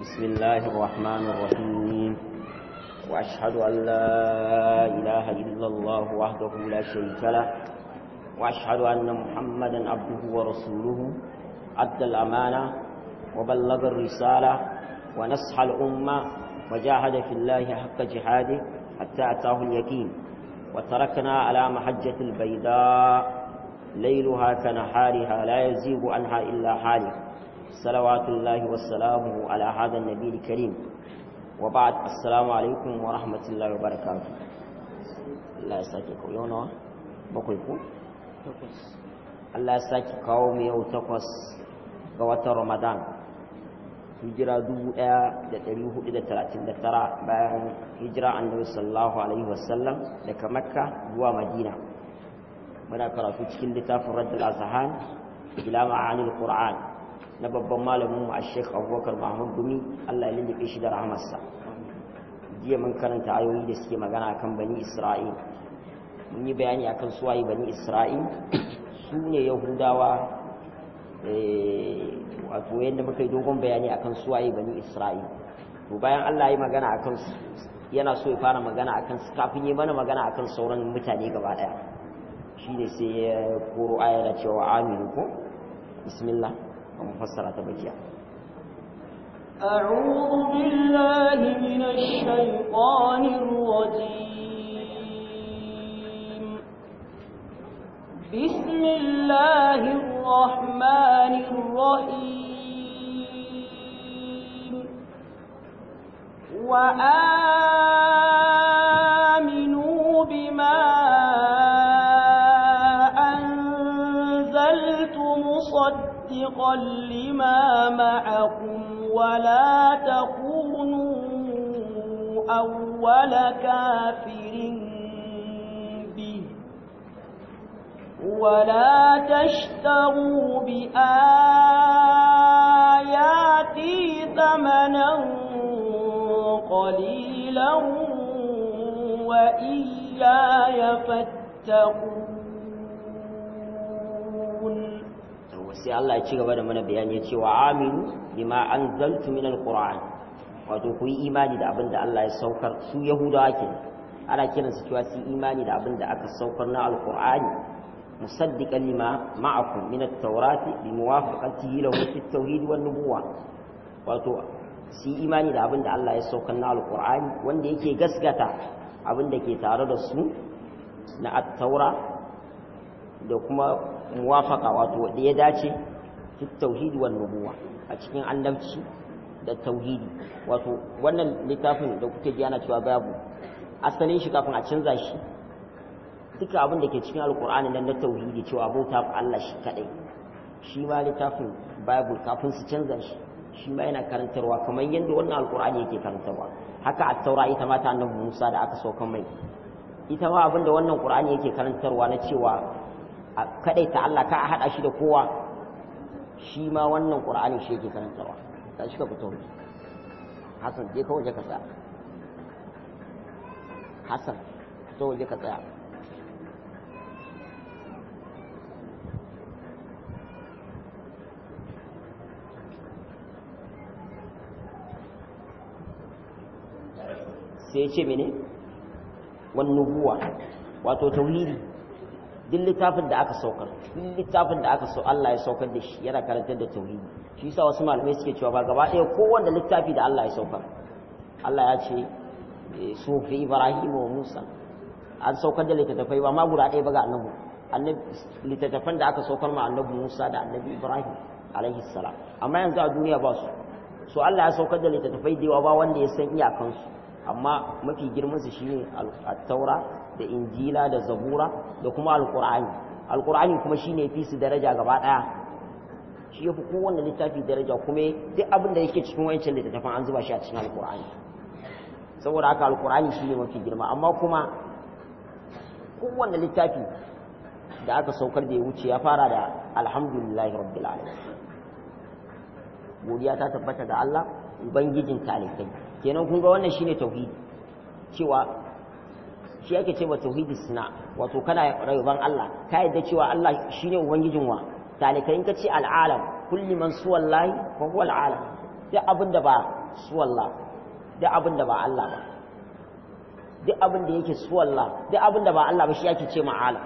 بسم الله الرحمن الرحيم وأشهد أن لا إله إلا الله وحده لا شريك له وأشهد أن محمدا عبده ورسوله أدى الأمانة وبلغ الرسالة ونصح الأمة وجاهد في الله حق جهاده حتى أتاه اليقين وتركنا على محجة البيضاء ليلها كنهارها لا يزيغ عنها إلا حالك صلوات الله والسلام على هذا النبي الكريم وبعد السلام عليكم ورحمة الله وبركاته الله يساكيكم يونا بقيكم Allah ya saki kawo mu yau takwas ga watan Ramadan hijira 1439 bayan hijira annabi sallallahu alaihi wasallam daga Makka zuwa Madina muna karatu cikin littafin raddul Azhan ila ma'anil qur'an na babban malamin mu ash Abubakar Muhammad Gumi Allah ya lindike shi da rahmarsa jiya mun karanta ayoyi da suke magana akan bani Isra'il mun yi bayani akan suwaye bani Isra'il su ne Yahudawa eh, wato yanda muka yi dogon bayani akan suwaye bani Isra'il to bayan Allah ya magana akan su yana so ya fara magana akan su kafin yi mana magana akan sauran mutane gaba daya shine sai ya koro aya na cewa aminu ko bismillah mu fassara ta bakiya أعوذ بالله من الشيطان الرجيم بسم الله الرحمن الرحيم وآل ولا كافر به ولا تشتروا بآياتي ثمنا قليلا وإيايا فاتقون سيالله يتشغب من بيان يتشي وعامل بما أنزلت من القرآن wato ku yi imani da abin da Allah ya saukar su yahudawa ke ana kiransu cewa su imani da abin da aka saukar na alqur'ani musaddiqan lima ma'akum min at-taurati bi muwafaqatihi lahu fi at-tauhid wan nubuwa wato su imani da abin da Allah ya saukar na alqur'ani wanda yake gaskata abin da ke tare da su na at-taura da kuma muwafaqa wato da ya dace fi at-tauhid wan nubuwa a cikin annabci da tauhidi wato wannan littafin da kuke ji ana cewa babu asalin shi kafin a canza shi duka abin da ke cikin alkur'ani nan na tauhidi cewa bauta ga Allah shi kadai shi ma littafin babu kafin su canza shi shi ma yana karantarwa kamar yadda wannan alkur'ani yake karantarwa haka at-taura ita ma ta annabi Musa da aka saukan mai ita ma abin da wannan qur'ani yake karantarwa na cewa kadai ta Allah ka a hada shi da kowa shi ma wannan qur'ani shi yake karantarwa ta shi ka fito hassan je kawai je ka tsaya hassan fito waje ka tsaya sai ce mene wannan nubuwa wato tauhidi duk littafin da aka saukar duk littafin da aka so Allah ya saukar da shi yana karantar da tauhidi shi yasa wasu malamai suke cewa ba gaba ɗaya kowanne littafi da Allah ya saukar Allah ya ce eh, su fi Ibrahim wa Musa an saukar da littattafai ba ma guda ɗaya ba ga annabi annabi littattafan da aka saukar ma annabi Musa da annabi Ibrahim alaihi salam amma yanzu a duniya ba su so Allah ya saukar da littattafai da yawa ba wanda ya san iyakansu amma mafi girman su shine at-taura da injila da zabura da kuma alkur'ani alkur'ani kuma shi ne fi su daraja gaba ɗaya shi ya fi kowanne littafi daraja kuma duk abin da yake cikin wancan littattafan an zuba shi a cikin alkur'ani saboda haka alkur'ani shi ne mafi girma amma kuma kowanne littafi da aka saukar da ya wuce ya fara da alhamdulillah rabbil alamin godiya ta tabbata ga Allah ubangijin talikai kenan kun ga wannan shine tauhidi cewa shi ake ce ma tauhidi suna wato kana rayuban Allah ka yadda cewa Allah shi ubangijin wa talikai in ka ce al'alam kulli man suwallahi fa huwa al'alam duk abin da ba suwallah duk abin da ba Allah ba duk abin da yake suwallah duk abin da ba Allah ba shi ake ce ma alam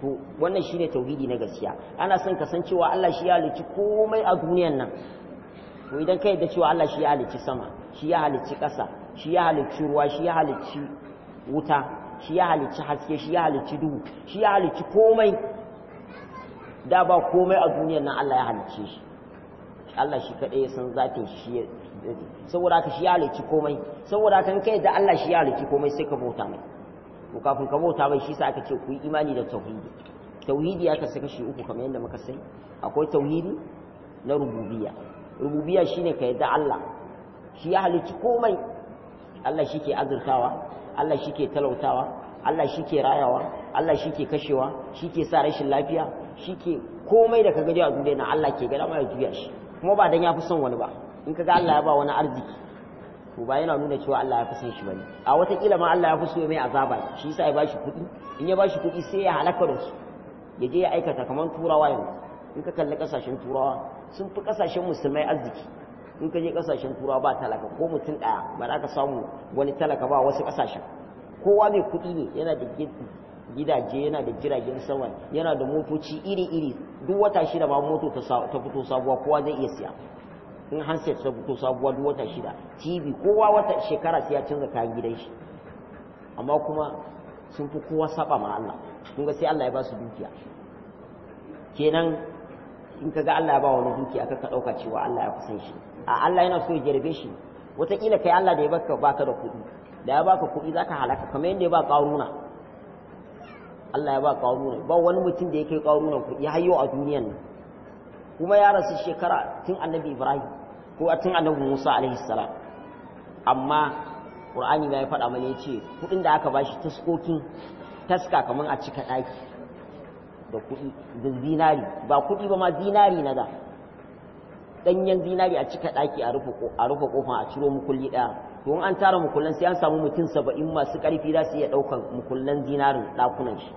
to wannan shine tauhidi na gaskiya ana son ka san cewa Allah shi ya halicci komai a duniyan nan to idan ka yadda cewa Allah shi ya halicci sama shi ya halicci ƙasa shi ya halicci ruwa shi ya halicci wuta shi ya halicci haske shi ya halicci duhu shi ya halicci komai da ba komai a duniyar nan Allah ya halicce shi Allah shi kaɗai ya san zafin shi saboda ka shi ya halicci komai saboda kan kai da Allah shi ya halicci komai sai ka bauta mai to kafin ka bauta mai shi sa aka ce ku yi imani da tauhidi tauhidi ya kasu kashi uku kamar yadda muka sani akwai tauhidi na rububiyya rububiyya shine ka yadda Allah shi ya halicci komai Allah shi ke azurtawa Allah shi ke talautawa Allah shi ke rayawa Allah shi ke kashewa shi ke sa rashin lafiya shi ke komai da ka gaji a duniya na Allah ke gada ma juya shi kuma ba dan ya fi son wani ba in ka ga Allah ya ba wani arziki to ba yana nuna cewa Allah ya fi son shi bane a wataƙila ma Allah ya fi so mai azaba shi yasa ya bashi kuɗi in ya bashi kuɗi sai ya halaka da su ya je ya aikata kamar turawa yanzu in ka kalli kasashen turawa sun fi kasashen musulmai arziki in ka je kasashen turawa ba talaka ko mutum ɗaya ba za ka samu wani talaka ba wasu kasashen kowa mai kuɗi ne yana da gidaje yana da jiragen sama yana da motoci iri-iri duk wata shida ba moto ta fito sabuwa kowa zai iya siya in handset ta fito sabuwa duk wata shida tv kowa wata shekara sai ya canza kayan gidan shi amma kuma sun fi kowa saba ma Allah kun ga sai Allah ya ba su dukiya kenan in kaga Allah ya ba wani dukiya ka dauka cewa Allah ya kusan shi a Allah yana so ya jarbe shi wataƙila kai Allah da ya baka baka da kuɗi da ya baka kuɗi zaka halaka kamar yadda ya ba ƙaruna Allah ya ba ƙaruna ba wani mutum da ya kai ƙaruna kuɗi hayyo a duniyan nan kuma ya rasu shekara tun annabi Ibrahim ko a tun annabi Musa alaihi salam amma Qur'ani ya faɗa mana ya ce kuɗin da aka bashi taskokin taska kamar a cika ɗaki da kuɗi da zinari ba kuɗi ba ma zinari na da danyen zinari a cika daki a rufe a rufe kofa a ciro mukulli daya to in an tara mukullan sai an samu mutum 70 masu karfi za su iya daukan mukullan zinarin dakunan shi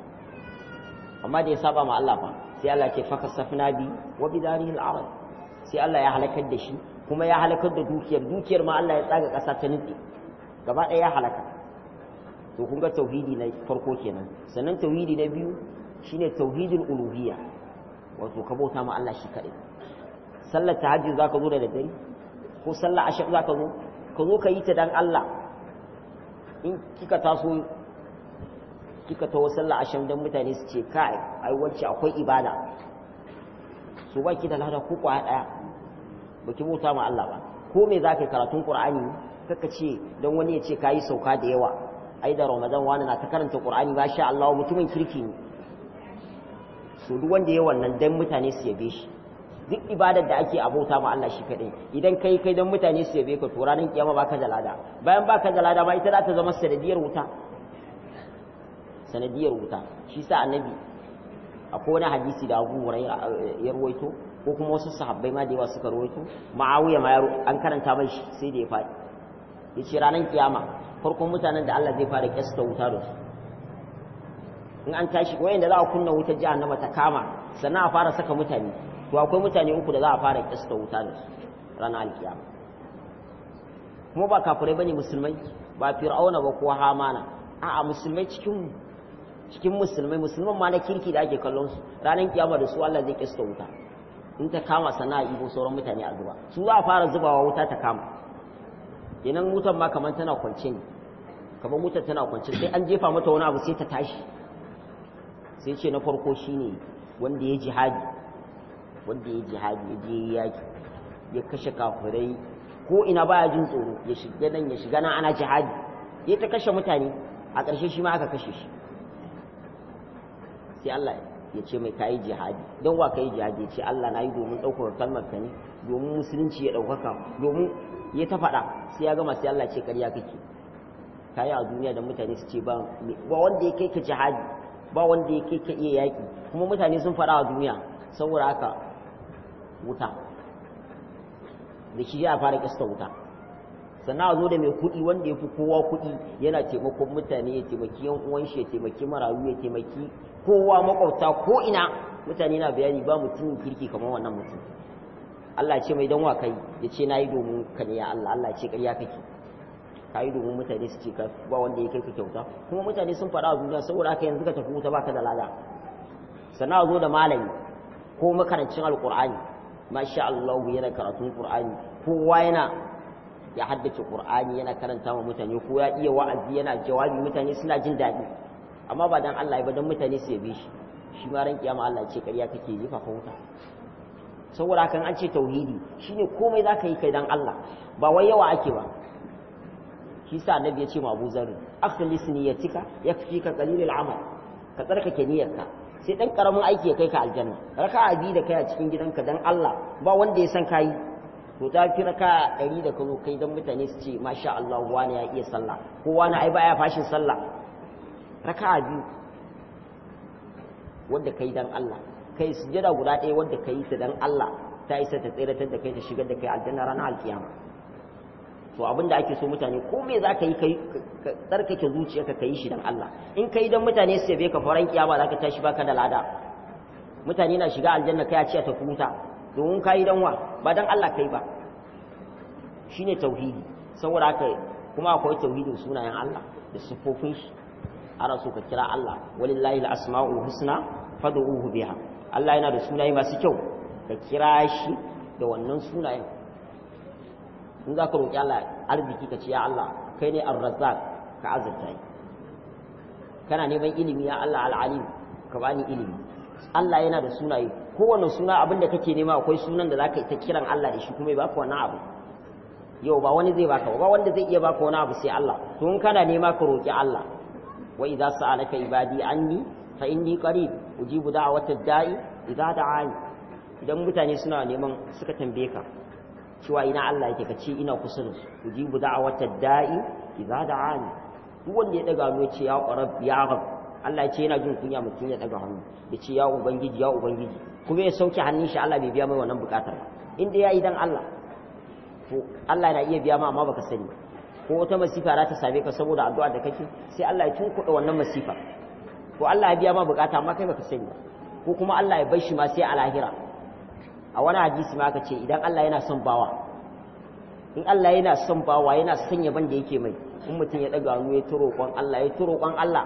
amma da ya saba ma Allah fa sai Allah ke faka safna bi wa bidarihi al-arab sai Allah ya halakar da shi kuma ya halakar da dukiyar dukiyar ma Allah ya tsaga kasa ta nufi gaba daya ya halaka to kun ga tauhidi na farko kenan sannan tauhidi na biyu shine tauhidul uluhiyya wato kabota ma Allah shi kadai sallar tahajjud zaka zo da daddare ko sallar ashab zaka zo ka zo ka yi ta dan Allah in kika taso kika tawo sallar ashab dan mutane su ce kai ai wacce akwai ibada so ba ki da lada ko kwa daya baki bauta ma Allah ba ko me zaka yi karatun Qur'ani kaka ce dan wani ya ce kai sauka da yawa ai da Ramadan wani na ta karanta Qur'ani ba sha Allah mutumin kirki ne su duk wanda ya wannan dan mutane su yabe shi duk ibadar da ake abota ma Allah shi kadai idan kai kai dan mutane su yabe ka to ranar kiyama baka da bayan baka da ma ita za ta zama sanadiyar wuta sanadiyar wuta shi sa annabi akwai wani hadisi da Abu Hurairah eh, ya ruwaito ko kuma wasu sahabbai ma da yawa suka ruwaito Muawiya ma an karanta mai sai da ya faɗi yace ranar kiyama farkon mutanen da Allah zai fara kyasta wuta da su in an tashi wayanda za a kunna wutar jahannama ta kama sannan a fara saka mutane to akwai mutane uku da za a fara kista wuta da su ranar alkiyama kuma ba kafirai bane musulmai ba fir'auna ba ko hamana a'a musulmai cikin cikin musulmai musulman ma na kirki da ake kallon su ranar kiyama da su Allah zai kista wuta in ta kama sana'a ibo sauran mutane a zuba su za a fara zubawa wuta ta kama idan wutan ma kamar tana kwance ne kamar mutan tana kwance sai an jefa mata wani abu sai ta tashi sai ce na farko shine wanda ya jihadi wanda ya jihadi ya je yaki ya kashe kafirai ko ina baya jin tsoro ya shiga nan ya shiga nan ana jihadi ya ta kashe mutane a ƙarshe shi ma aka kashe shi sai Allah ya ce mai kayi jihadi don wa kayi jihadi ya ce Allah na yi domin ɗaukar kalmar ka ne domin musulunci ya ɗaukaka domin ya ta faɗa sai ya gama sai Allah ce ƙarya kake kayi a duniya da mutane su ce ba wanda ya kai ka jihadi ba wanda ya kai ka iya yaƙi kuma mutane sun faɗa a duniya saboda haka wuta da shi ya fara kista wuta sannan a zo da mai kuɗi wanda ya fi kowa kuɗi yana taimakon mutane ya taimaki yan uwan shi ya taimaki marayu ya taimaki kowa makwabta ko ina mutane na bayani ba mutum kirki kamar wannan mutum Allah ce mai don wa kai ya ce na yi domin ka ne ya Allah Allah ce ƙarya kake ka yi domin mutane su ce ka ba wanda ya kai ka kyauta kuma mutane sun faɗa a duniya saboda haka yanzu ka tafi wuta ka da lada sannan a zo da malami ko makarancin alƙur'ani masha Allah yana karatun Qur'ani kowa yana ya haddace Qur'ani yana karanta wa mutane ko ya iya wa'azi yana jawabi mutane suna jin daɗi amma ba dan Allah ba dan mutane su yabe shi shi ma ran kiyama Allah ce kariya kake yi fa huta saboda kan an ce tauhidi shine komai zaka yi kai dan Allah ba wai yawa ake ba shi sa annabi ya ce ma Abu Zar akhlis niyyatika yakfika qalilul amal ka tsarkake niyyarka sai ɗan karamin aiki ya kai ka aljanna raka'a biyu da kai a cikin gidanka dan Allah ba wanda ya san kayi to ta fi a ɗari da kazo kai don mutane su ce masha Allah wani ya iya sallah ko wani ai baya fashin sallah raka'a biyu wanda kai dan Allah kai sujada guda ɗaya wanda kai ta dan Allah ta isa ta tsiratar da kai ta shigar da kai aljanna ranar alkiyama to abin da ake so mutane ko me za ka yi ka tsarkake zuciyarka ka yi shi don Allah in ka yi don mutane su yabe ka faran kiyama za ka tashi baka da lada mutane na shiga aljanna kai a ce ta kuta domin ka yi don wa ba don Allah kai ba shine tauhidi saboda ka kuma akwai tauhidin sunayen Allah da siffofin shi ana so ka kira Allah walillahi al-asma'ul husna fad'uhu biha Allah yana da sunaye masu kyau ka kira shi da wannan sunayen in za ka roƙi Allah arziki ka ce ya Allah kai ne ar-razzaq ka azurta yi kana neman ilimi ya Allah al-alim ka bani ilimi Allah yana da sunaye Kowanne suna abin da kake nema akwai sunan da zaka ta kiran Allah da shi kuma ya baka wannan abu yau ba wani zai baka ba wanda zai iya baka wani abu sai Allah to in kana nema ka roƙi Allah wa idza sa'alaka ibadi anni fa inni qarib ujibu da'watad da'i idza da'ani idan mutane suna neman suka tambaye ka cewa ina Allah yake kace ina kusa da su jibu da'awata da'i idza da'ani duk wanda ya daga hannu ce ya qarab ya rab Allah ya ce yana jin kunya mutum ya daga hannu ya ce ya ubangiji ya ubangiji kuma ya sauke hannun shi Allah bai biya mai wannan bukatar inda ya yayi dan Allah to Allah yana iya biya ma amma baka sani ko wata masifa za ta same ka saboda addu'a da kake sai Allah ya tunkuɗa wannan masifa ko Allah ya biya ma bukata amma kai baka sani ko kuma Allah ya bar shi ma sai a lahira a wani hadisi ma aka ce idan Allah yana son bawa in Allah yana son bawa yana son banda yake mai in mutum ya daga hannu ya turo kwan Allah ya turo kwan Allah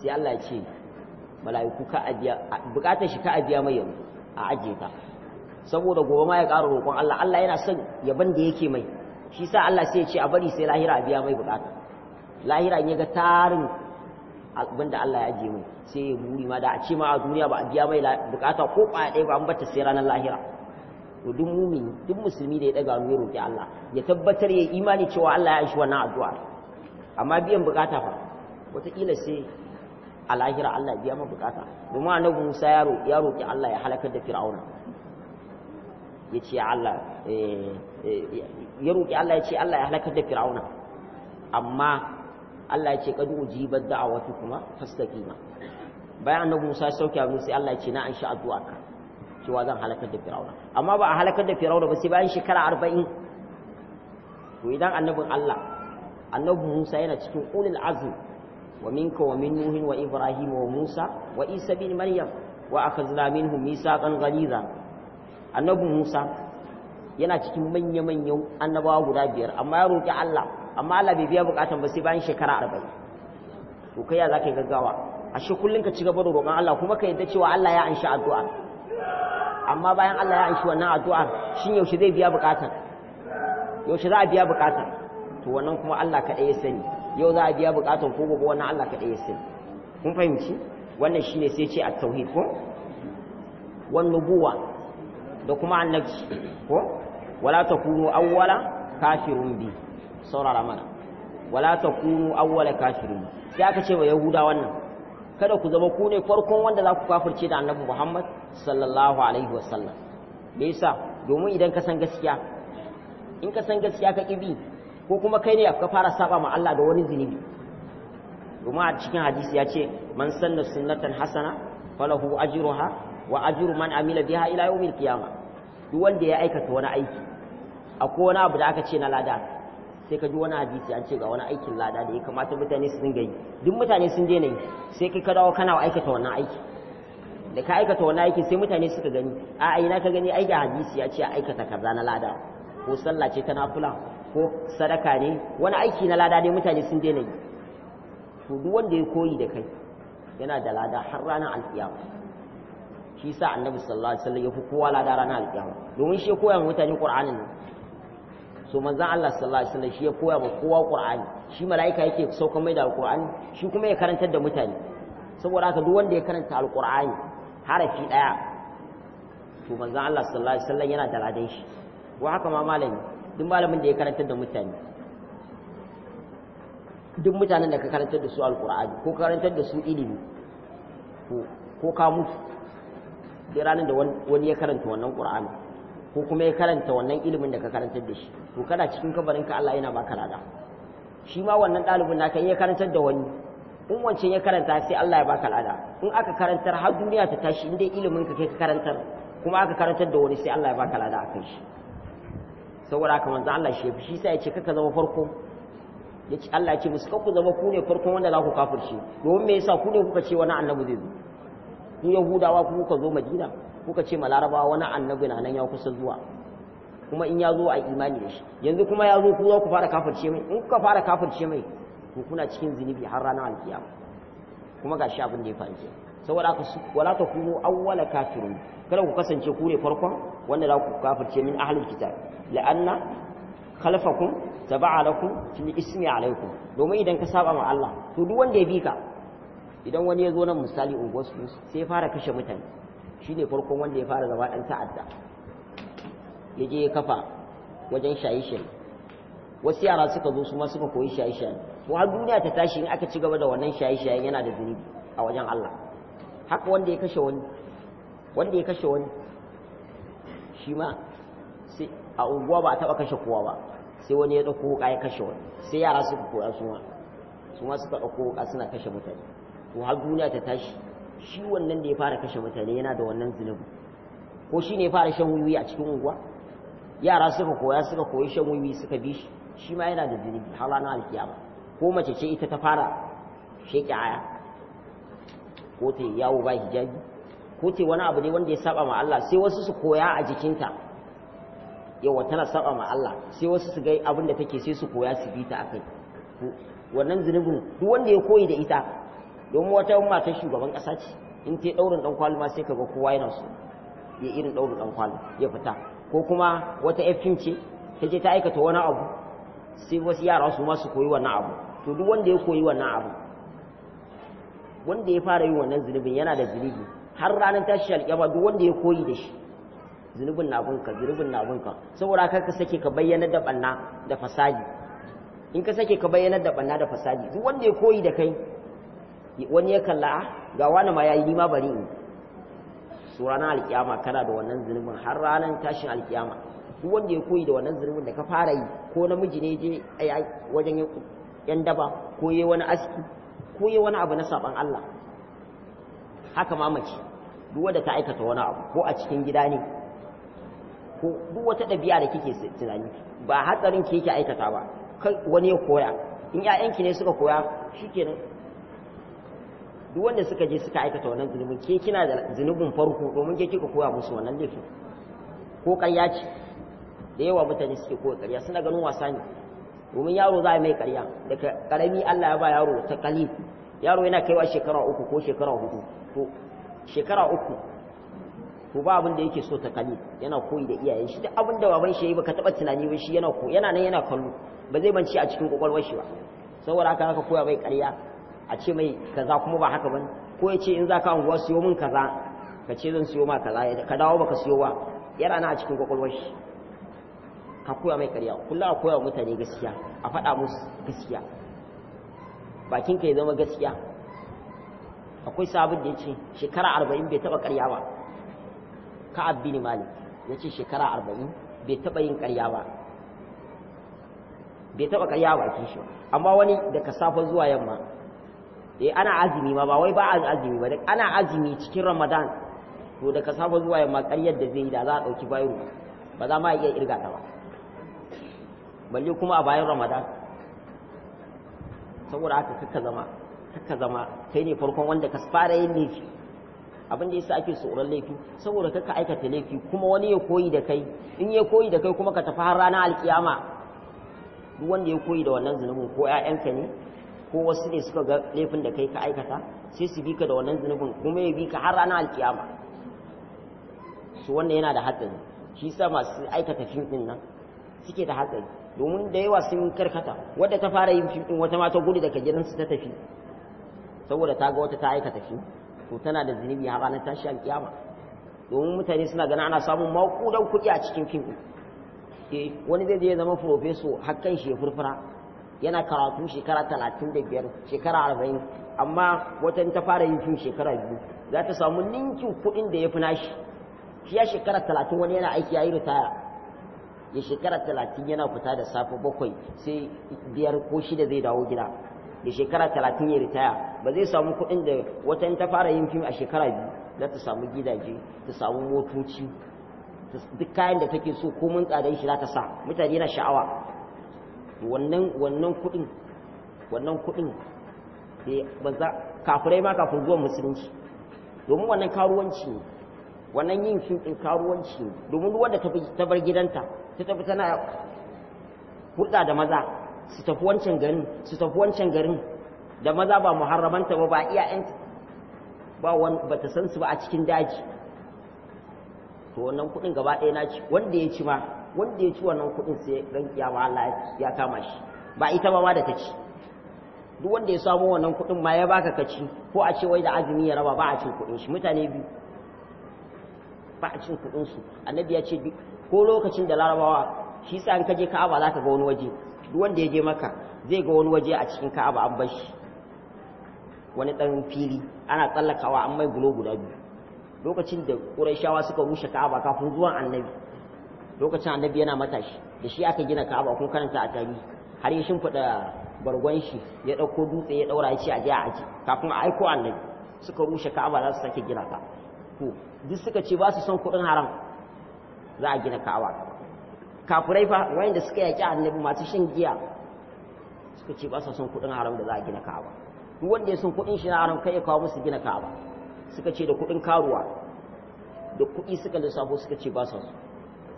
sai Allah ya ce mala'iku ka ajiya bukatar shi ka ajiya mai yanzu a ajiye ta saboda gobe ma ya ƙara roƙon Allah Allah yana son ya banda yake mai shi sa Allah sai ya ce a bari sai lahira a biya mai bukata lahira in ya ga tarin abinda Allah ya ajiye sai ya buri ma da a ce ma a duniya ba a biya mai bukata ko a ɗaya ba an bata sai ranar lahira to duk mumin duk musulmi da ya daga hannu roƙi Allah ya tabbatar ya imani cewa Allah ya shi wannan addu'a amma biyan bukata fa wataƙila sai a lahira Allah ya biya ma bukata domin annabi Musa ya roƙi ya Allah ya halakar da Fir'auna ya ce Allah eh, eh, ya roki Allah ya ce Allah ya halakar da Fir'auna amma Allah ya ce kad ujibat da'awatu kuma fastaqima bayan annabi Musa ya sauke abin sai Allah ya ce na an sha addu'a ka cewa zan halakar da Fir'auna amma ba a halakar da Fir'auna ba sai bayan shekara arba'in. to idan annabin Allah annabi Musa yana cikin ulul azm wa minka wa min nuhin wa ibrahim wa Musa wa Isa bin Maryam wa akhadna minhum misaqan ghaliza annabi Musa yana cikin manya-manyan annabawa guda biyar amma ya roƙi Allah amma Allah bai biya bukatan ba sai bayan shekara arba'in to kai ya za ka yi gaggawa ashe kullum ka ci gaba da roƙon Allah kuma ka yadda cewa Allah ya anshi addu'a amma bayan Allah ya anshi wannan addu'a shin yaushe zai biya bukatan yaushe za a biya bukatan to wannan kuma Allah ka ya sani yau za a biya bukatan ko gobe wannan Allah ka ya sani kun fahimci wannan shine sai ce at-tauhid ko wan nubuwa da kuma annabci ko wala takunu awwala kafirun bi saurara mana wala takunu awwala kafirin sai aka ce wa yahuda wannan kada ku zama ku ne farkon wanda za ku kafirce da annabi Muhammad sallallahu alaihi wa sallam. me yasa domin idan ka san gaskiya in ka san gaskiya ka kibi ko kuma kai ne ka fara saba ma Allah da wani zunubi domin a cikin hadisi ya ce man sanna sunnatan hasana falahu ajruha wa ajru man amila biha ila yawmil qiyamah duk wanda ya aikata wani aiki akwai wani abu da aka ce na lada sai ka ji wani hadisi an ce ga wani aikin lada da ya kamata mutane su dinga yi duk mutane sun daina yi sai kai ka dawo kana aikata wannan aiki da ka aikata wannan aiki sai mutane suka gani a ina ka gani aiki hadisi ya ce aikata kaza na lada ko sallah ce ta nafila ko sadaka ne wani aiki na lada dai mutane sun daina yi to duk wanda ya koyi da kai yana da lada har ranar alkiyama shi sa annabi sallallahu alaihi wasallam ya fi kowa lada ranar alkiyama domin shi koyan mutane qur'anin so manzon Allah sallallahu alaihi wasallam shi ya koya ma kowa Qur'ani shi malaika yake saukan mai da Qur'ani shi kuma ya karantar da mutane saboda haka duk wanda ya karanta alqur'ani harafi daya to manzon Allah sallallahu alaihi wasallam yana da ladan shi wa haka ma malami duk malamin da ya karantar da mutane duk mutanen da ka karantar da su alqur'ani ko karantar da su ilimi ko ka mutu sai ranar da wani ya karanta wannan qur'ani ko kuma ya karanta wannan ilimin da ka karantar da shi to kana cikin kabarin ka Allah yana baka lada shi ma wannan ɗalibin naka ya karantar da wani in wancan ya karanta sai Allah ya baka lada in aka karantar har duniya ta tashi in dai ilimin ka kai ka karantar kuma aka karantar da wani sai Allah ya baka lada akan shi saboda haka manzo Allah shi shi sai ya ce kaka zama farko ce Allah ya ce musu ku zama ku ne farkon wanda za ku kafirci domin me yasa ku ne kuka ce wani annabi zai zo ku Yahudawa ku kuka zo Madina kuka ce malaraba wani annabi na nan ya kusa zuwa kuma in ya zo a imani da shi yanzu kuma ya zo ku ku fara kafirce mai in kuka fara kafirce mai to kuna cikin zunubi har ranar alkiyama kuma ga shi abin da ya faru ke saboda haka wala takunu awwala kafirun kada ku kasance ku ne farkon wanda za ku kafirce min ahlul kitab la'anna khalfakum tab'a lakum fi ismi alaykum domin idan ka saba ma Allah to duk wanda ya bi ka idan wani ya zo nan misali ungwasu sai fara kashe mutane shine farkon wanda ya fara zama ɗan ta'adda ya je ya kafa wajen shaye-shaye wasu yara suka zo su ma suka koyi shaye-shaye to har duniya ta tashi in aka ci gaba da wannan shaye yana da zunubi a wajen Allah haka wanda ya kashe wani wanda ya kashe wani shi ma sai a unguwa ba a taɓa kashe kowa ba sai wani ya ɗauko wuƙa ya kashe wani sai yara suka koya su ma su ma suka dauko wuƙa suna kashe mutane to har duniya ta tashi shi wannan da ya fara kashe mutane yana da wannan zunubi ko shi ne ya fara shan wuyi a cikin unguwa yara suka koya suka koyi shan wuyi suka bi shi shi ma yana da zunubi har ranar alkiyama ko mace ce ita ta fara sheƙi aya ko ta yawo ba hijabi ko ta wani abu ne wanda ya saba ma Allah sai wasu su koya a jikinta yawa tana saba ma Allah sai wasu su ga abin da take sai su koya su bi ta akai wannan zunubin duk wanda ya koyi da ita domin wata ta shugaban ƙasa ce in ta ɗaurin ɗan kwalima ma sai ka ga kowa yana so ya irin ɗaurin ɗan kwalima ya fita ko kuma wata yafin ce ta ce ta aikata wani abu sai wasu yara su ma su koyi wannan abu to duk wanda ya koyi wannan abu wanda ya fara yin wannan zunubin yana da zunubi har ranar tashi alƙiyama duk wanda ya koyi da shi zunubin na bunka zunubin na bunka saboda kar ka sake ka bayyana da banna da fasadi in ka sake ka bayyana da banna da fasadi duk wanda ya koyi da kai wani ya kalla ah, ga wani ma yi nima bari in su ranar alkiyama kana da wannan zunubin har ranar tashin alkiyama duk wanda ya koyi da wannan zunubin da ka fara yi ko namiji ne je wajen yan daba ko yi wani aski ko yi wani abu na saban Allah haka ma mace duk wanda ta aikata wani abu ko a cikin gida ne ko duk wata ɗabi'a da kike tunani ba hatsarin ke yake aikata ba kai wani ya koya in 'ya'yanki ne suka koya shikenan duk wanda suka je suka aikata wannan zunubin ke kina da zunubin farko domin ke kika koya musu wannan laifin ko ƙarya ce da yawa mutane suke koya ƙarya suna ganin wasa ne domin yaro za a mai ƙarya daga ƙarami Allah ya ba yaro ta kalil yaro yana kaiwa shekara uku ko shekara hudu to shekara uku to ba abin da yake so ta kalil yana koyi da iyayen shi duk abin da baban shi yayi baka taba tunani ba shi yana ko yana nan yana kallo ba zai banci a cikin kokwalwar shi ba saboda haka aka koya bai ƙarya a ce mai kaza kuma ba haka bane ko ya ce in za ka unguwa siyo min kaza ka ce zan siyo ma kaza ka dawo baka siyo ba yana na a cikin kwakwalwa shi ka koya mai karya kulla a koya mutane gaskiya a faɗa musu gaskiya bakin ka ya zama gaskiya akwai sabon da ya ce shekara arba'in bai taɓa karya ba ka abbi ni malik ya ce shekara arba'in bai taɓa yin karya ba bai taɓa karya bakin shi amma wani ka safon zuwa yamma eh ana azumi ma ba wai ba azumi ba ana azumi cikin ramadan to daga safa zuwa yamma ƙaryar da zai yi da za a ɗauki bayo ba za ma iya irga ta ba balle kuma a bayan ramadan saboda haka kaka zama kaka zama kai ne farkon wanda ka fara yin laifi abin da yasa ake tsoron laifi saboda kaka aikata laifi kuma wani ya koyi da kai in ya koyi da kai kuma ka tafi har ranar alkiyama duk wanda ya koyi da wannan zunubin ko 'ya'yanka ne ko wasu ne suka ga laifin da kai ka aikata sai su bi ka da wannan zunubin kuma ya bi ka har ranar alkiyama su wannan yana da hatsari shi sa masu aikata fim din nan suke da hatsari domin da yawa sun karkata wadda ta fara yin fim din wata mata gudu daga gidansu ta tafi saboda ta ga wata ta aikata fim to tana da zunubi har ranar tashi alkiyama domin mutane suna ganin ana samun makudan kuɗi a cikin fim din eh, wani zai je ya zama furofeso hakan shi ya furfura yana karatu shekara talatin da biyar shekara arba'in amma watan ta fara yin fim shekara biyu za ta samu ninkin kuɗin da ya fi nashi shi ya shekara talatin wani yana aiki ya yi ritaya ya shekara talatin yana fita da safe bakwai sai biyar ko shida zai dawo gida da shekara talatin ya ritaya ba zai samu kuɗin da watan ta fara yin fim a shekara biyu za ta samu gidaje ta samu motoci duk kayan da take so ko mun tsadan shi za ta sa mutane na sha'awa wannan wannan kuɗin wannan kuɗin eh, ba kafirai ma kafin zuwan musulunci domin wannan karuwanci ne wannan yin fim karuwanci ne domin ruwan da ta bar gidanta ta tafi tana hulɗa da maza su tafi wancan garin su tafi wancan garin da maza ba muharramanta ba ba iyayenta ba ba ta san su ba a cikin daji to wannan kuɗin gaba ɗaya na ci wanda ya ci ma wanda ya ci wannan kuɗin sai ran kiyama Allah ya kama shi ba ita ba ma da ta ci duk wanda ya samu wannan kuɗin ma ya baka ka ci ko a ce wai da azumi ya raba ba a cin kuɗin shi mutane biyu ba a cin kuɗin su annabi ya ce ko lokacin da larabawa shi sa in ka je ka'aba za ka ga wani waje duk wanda ya je maka zai ga wani waje a cikin ka'aba an bar shi wani ɗan fili ana tsallakawa an mai gulo guda biyu lokacin da shawa suka rushe ka'aba kafin zuwan annabi lokacin annabi yana matashi da shi aka gina ka'aba kun karanta a tari har ya shimfiɗa bargon shi ya ɗauko dutse ya ɗaura ya ce a je a aji kafin a aiko annabi suka rushe ka'aba za su sake gina ta to duk suka ce ba su son kuɗin haram za a gina ka'aba kafurai fa wayanda suka yaƙi annabi masu shan giya suka ce ba su son kuɗin haram da za a gina ka'aba duk wanda ya son kuɗin shi na haram kai ya kawo musu gina ka'aba suka ce da kuɗin karuwa da kuɗi suka lissafo suka ce ba su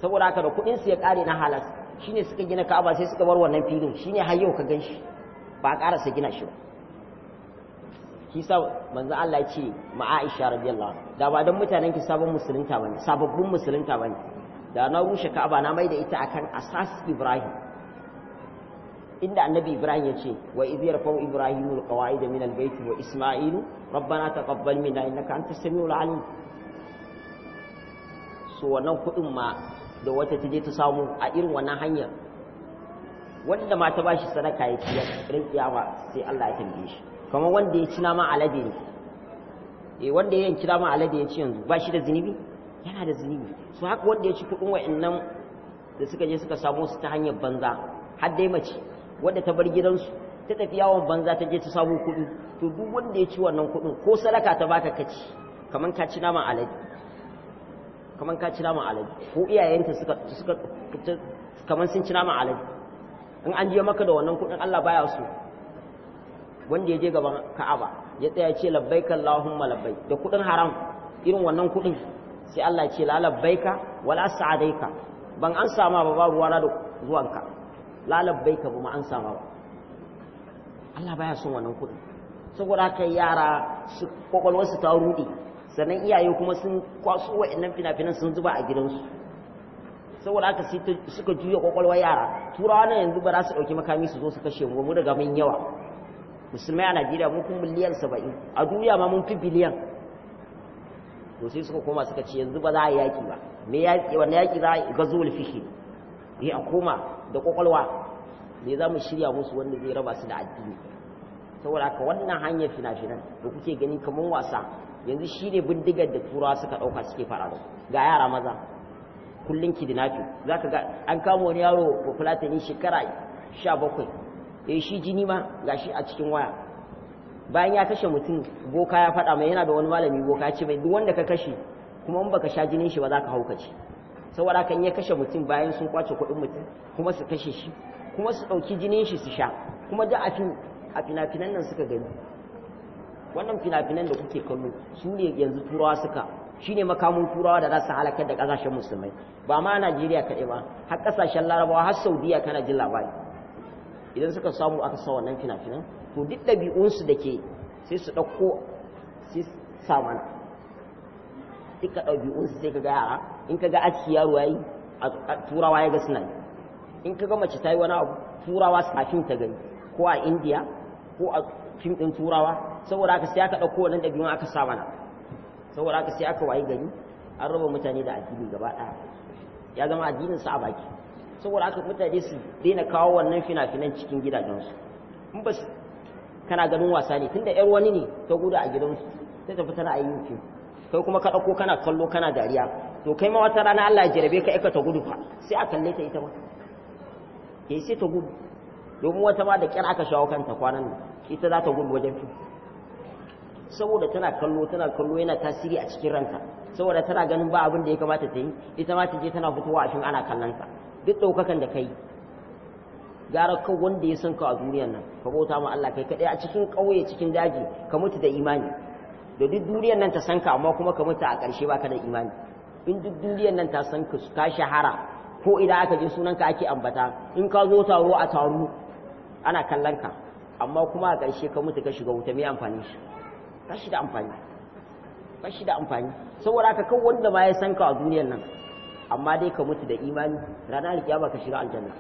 saboda haka da kuɗin su ya kare na halas shine suka gina ka'aba sai suka bar wannan filin shine har yau ka gan shi ba a ƙarasa gina shi ba Kisa sa manzo Allah ya ce ma Aisha radiyallahu da ba dan mutanen ki sabon musulunta bane sababbin musulunta bane da na rushe Ka'aba na mai da ita akan asas Ibrahim inda annabi Ibrahim ya ce wa idh yarfa'u ibrahimu alqawaida min albayt wa isma'ilu rabbana taqabbal minna innaka antas samiul alim so wannan kudin ma da wata ta je ta samu a irin wannan hanyar wanda ma ta bashi sadaka ya ciyar ran kiyama sai Allah ya tambaye shi kamar wanda ya ci nama alade ne eh wanda ya yanki nama alade ya ci yanzu ba shi da zinubi yana da zinubi so haka wanda ya ci kudin wa'annan da suka je suka samu su ta hanyar banza har dai mace wanda ta bar gidansu ta tafi yawon banza ta je ta samu kudi to duk wanda ya ci wannan kudin ko sadaka ta baka kaci kamar ka ci nama alade kamar ka ci nama alaji ko iyayenta suka suka kamar sun ci nama alaji in an je maka da wannan kudin Allah baya so wanda ya je gaban Ka'aba ya tsaya ce labbaika Allahumma labbaik da kudin haram irin wannan kudin sai Allah ya ce la labbaika wala sa'adaika ban an sama ba babu wani da zuwanka la labbaika ba ma an sama ba Allah baya son wannan kudin saboda haka yara su su ta rudi sannan iyaye kuma sun kwaso wa'annan fina-finan sun zuba a gidansu saboda aka suka juya kwakwalwa yara turawa na yanzu ba za su ɗauki makami su zo su kashe mu mu daga mun yawa musulmai a najeriya mun kun miliyan saba'in a duniya ma mun fi biliyan to sai suka koma suka ce yanzu ba za a yaƙi ba me yaƙi wanda yaƙi za a gazo fihi eh a koma da kwakwalwa me za mu shirya musu wanda zai raba su da addini saboda haka wannan hanyar fina-finan da kuke gani kamar wasa yanzu shi ne bindigar da turawa suka ɗauka suke da ga yara maza kullum ki dinafi za ka ga an kama wani yaro ko fulatani shekara sha bakwai ya eh, shi jini ma ga shi a cikin waya bayan ya kashe mutum boka ya faɗa mai yana da wani malami boka ya ce mai duk wanda ka kashe kuma in baka sha jinin shi ba za ka haukace saboda kan ya kashe mutum bayan sun kwace kuɗin mutum kuma su kashe shi kuma su ɗauki jinin shi su sha kuma da a fina-finan nan suka gani wannan fina-finan da kuke kallo su ne yanzu turawa suka shi ne makamun turawa da za su halakar da ƙasashen musulmai ba ma najeriya kaɗai ba har ƙasashen larabawa har saudiya kana jin labari idan suka samu aka sa wannan fina-finan to duk ɗabi'unsu da ke sai su ɗauko sai sa mana duka ɗabi'unsu sai ka ga yara in ka ga aski yaro yi a turawa ya ga suna yi in ka ga mace ta yi wani abu turawa tsafin ta gani ko a indiya ko a fim ɗin turawa saboda aka sai aka ɗauko wannan ɗabi'un aka sa mana saboda aka sai aka wayi gari an raba mutane da addini gaba ɗaya ya zama addinin sa a baki saboda aka mutane su daina kawo wannan fina-finan cikin gidajensu in ba kana ganin wasa ne tunda yar wani ne ta gudu a gidansu sai ta fita na ayyukan fim kai kuma ka ɗauko kana kallo kana dariya to kai ma wata rana Allah ya jarabe ka aika ta gudu fa sai a kalle ta ita ma ke eh, sai ta gudu domin wata ma da kyar aka shawo kanta kwanan nan ita za ta gudu wajen fi saboda tana kallo tana kallo yana tasiri a cikin ranka saboda tana ganin ba abin da ya kamata ta yi ita ma ta je tana fitowa a shin ana kallon ka duk ɗaukakan da kai gara kan wanda ya san ka a duniyar nan ka bauta ma Allah kai kaɗai a cikin ƙauye cikin daji ka mutu da imani da duk duniyar nan ta san ka amma kuma ka mutu a ƙarshe baka da imani in duk duniyar nan ta san ka ka shahara ko idan aka je sunan ka ake ambata in ka zo taro a taro ana kallon ka amma kuma a ƙarshe ka mutu ka shiga wuta mai amfani shi Kashi da amfani kashi da amfani saboda haka kan wanda ma ya san a duniyar nan amma dai ka mutu da imani ranar alkiyama ka shiga aljanna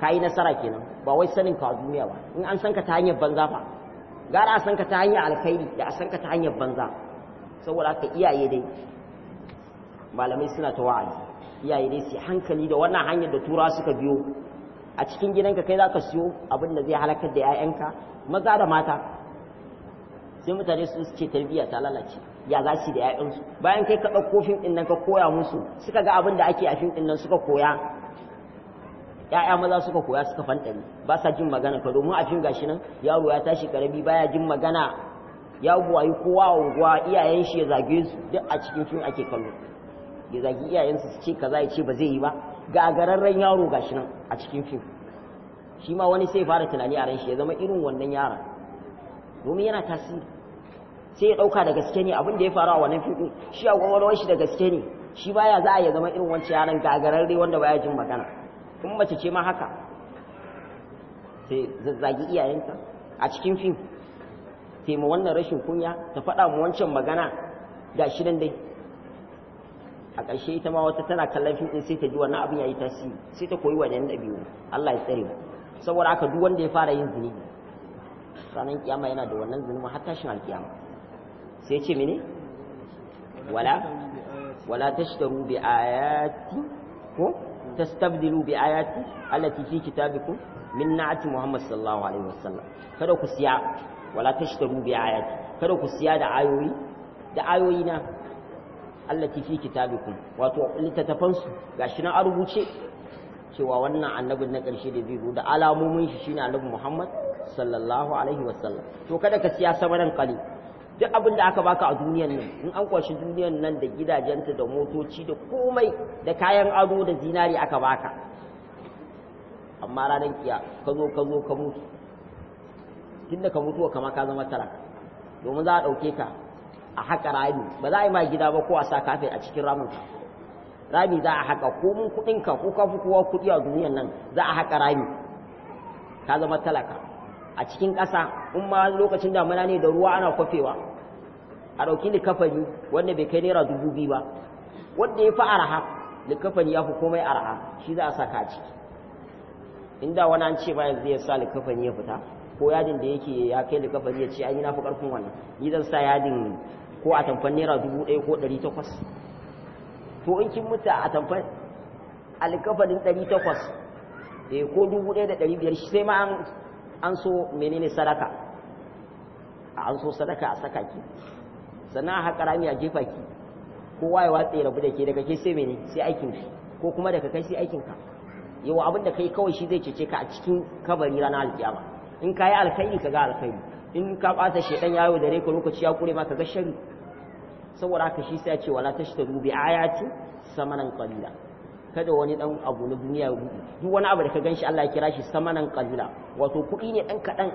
ka yi nasara kenan ba wai sanin ka a duniya ba in an san ka ta hanyar banza fa gara a san ka ta hanyar alkhairi da a san ta hanyar banza saboda haka iyaye dai malamai suna ta wa'azi iyaye dai su hankali da wannan hanyar da tura suka biyo a cikin gidanka kai za ka siyo abin da zai halakar da 'ya'yanka maza da mata sai mutane su suke tarbiyya ta lalace ya za su da 'ya'yansu bayan kai ka ɗauko fim ɗin nan ka koya musu suka ga abin da ake a fim ɗin nan suka koya 'ya'ya maza suka koya suka fantani ba sa jin magana ka domin a fim gashi nan yaro ya tashi karabi baya jin magana ya buwayi kowa a unguwa iyayen shi ya zage su duk a cikin fim ake kallo ya zagi iyayensu su ce kaza ya ce ba zai yi ba ga gagararren yaro gashi nan a cikin fim shi ma wani sai fara tunani a ran shi ya zama irin wannan yaron domin yana tasiri sai ya dauka da gaske ne abin ya faru a wannan fiɗin shi a gwagwarwar shi da gaske ne shi baya za a ya zama irin wancan yaran gagararre wanda baya jin magana kuma mace ce ma haka sai zazzagi iyayenta a cikin fim sai mu wannan rashin kunya ta faɗa mu wancan magana ga shi nan dai a ƙarshe ita ma wata tana kallon fim sai ta ji wannan abin yayi tasiri sai ta koyi wannan ɗabi'u Allah ya tsare mu saboda haka duk wanda ya fara yin zunubi ranar kiyama yana da wannan zunubin har tashin alkiyama sai ce mene wala wala tashtaru bi ayati ko tastabdilu bi ayati allati fi kitabikum min na'ati muhammad sallallahu alaihi wasallam kada ku siya wala tashtaru bi ayati kada ku siya da ayoyi da ayoyi na allati fi kitabikum wato littattafan su gashi na rubuce cewa wannan annabin na karshe da zai zo da alamomin shi shine annabi muhammad sallallahu alaihi wasallam to kada ka siya samaran qalil duk abin da aka baka a duniyan nan in an kwashi duniyan nan da gidajenta da motoci da komai da kayan ado da zinari aka baka amma ranar kiya ka zo ka zo ka mutu tun da ka mutu kama ka zama talaka domin za a ɗauke ka a haka rami ba za a yi ma gida ba ko a sa kafin a cikin ramin ka rami za a haka ko mun ko ka kowa kuɗi a duniyan nan za a haka rami ka zama talaka a cikin ƙasa in ma lokacin mana ne da ruwa ana kwafewa a ɗauki likafani wanda bai kai naira dubu biyu ba wanda ya fi araha likafani ya fi komai araha shi za a saka a ciki inda wani an ce ma yanzu sa likafani ya fita ko yadin da yake ya kai likafani ya ce an yi na fi ƙarfin wannan ni zan sa yadin ko a tamfan naira dubu ɗaya ko ɗari takwas to in kin mutu a tamfan a likafanin ɗari takwas eh, ko dubu ɗaya da ɗari biyar shi sai ma an an so menene sadaka an so sadaka a saka ki sana haƙa rami a jefa ki kowa ya watsa rabu da ke daga ke sai mene sai aikin shi ko kuma daga kai sai aikin ka yawa abin da kai kawai shi zai cece ka a cikin kabari ranar alkiyama in ka yi alkhairi ka ga alkhairi in ka ɓata shaidan yawo da reka lokaci ya kure ma ka ga shari saboda haka shi sai ya ce wala tashtaru bi ayati samanan qalila kada wani dan abu na duniya ya buɗe duk wani abu da ka ganshi Allah ya kira shi samanan qalila wato kuɗi ne dan kadan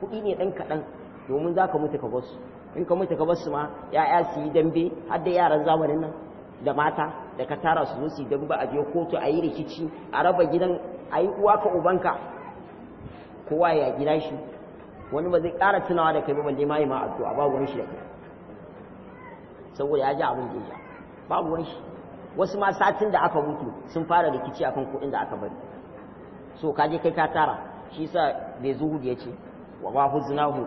kuɗi ne dan kadan domin zaka mutu ka basu in ka mutu ka basu ma ya'ya su yi dambe har da yaran zamanin nan da mata da ka tara su su dambe a je kotu a yi rikici a raba gidan a yi uwa ka ubanka kowa ya gida shi wani ba zai ƙara tunawa da kai ba balle ma yi ma addu'a babu wani shi da kai saboda ya ji abin da ya babu wani shi wasu ma satin da aka mutu sun fara rikici akan kuɗin da aka bari so kaje kai ka tara shi sa bai zuhud ya ce wa ma huznahu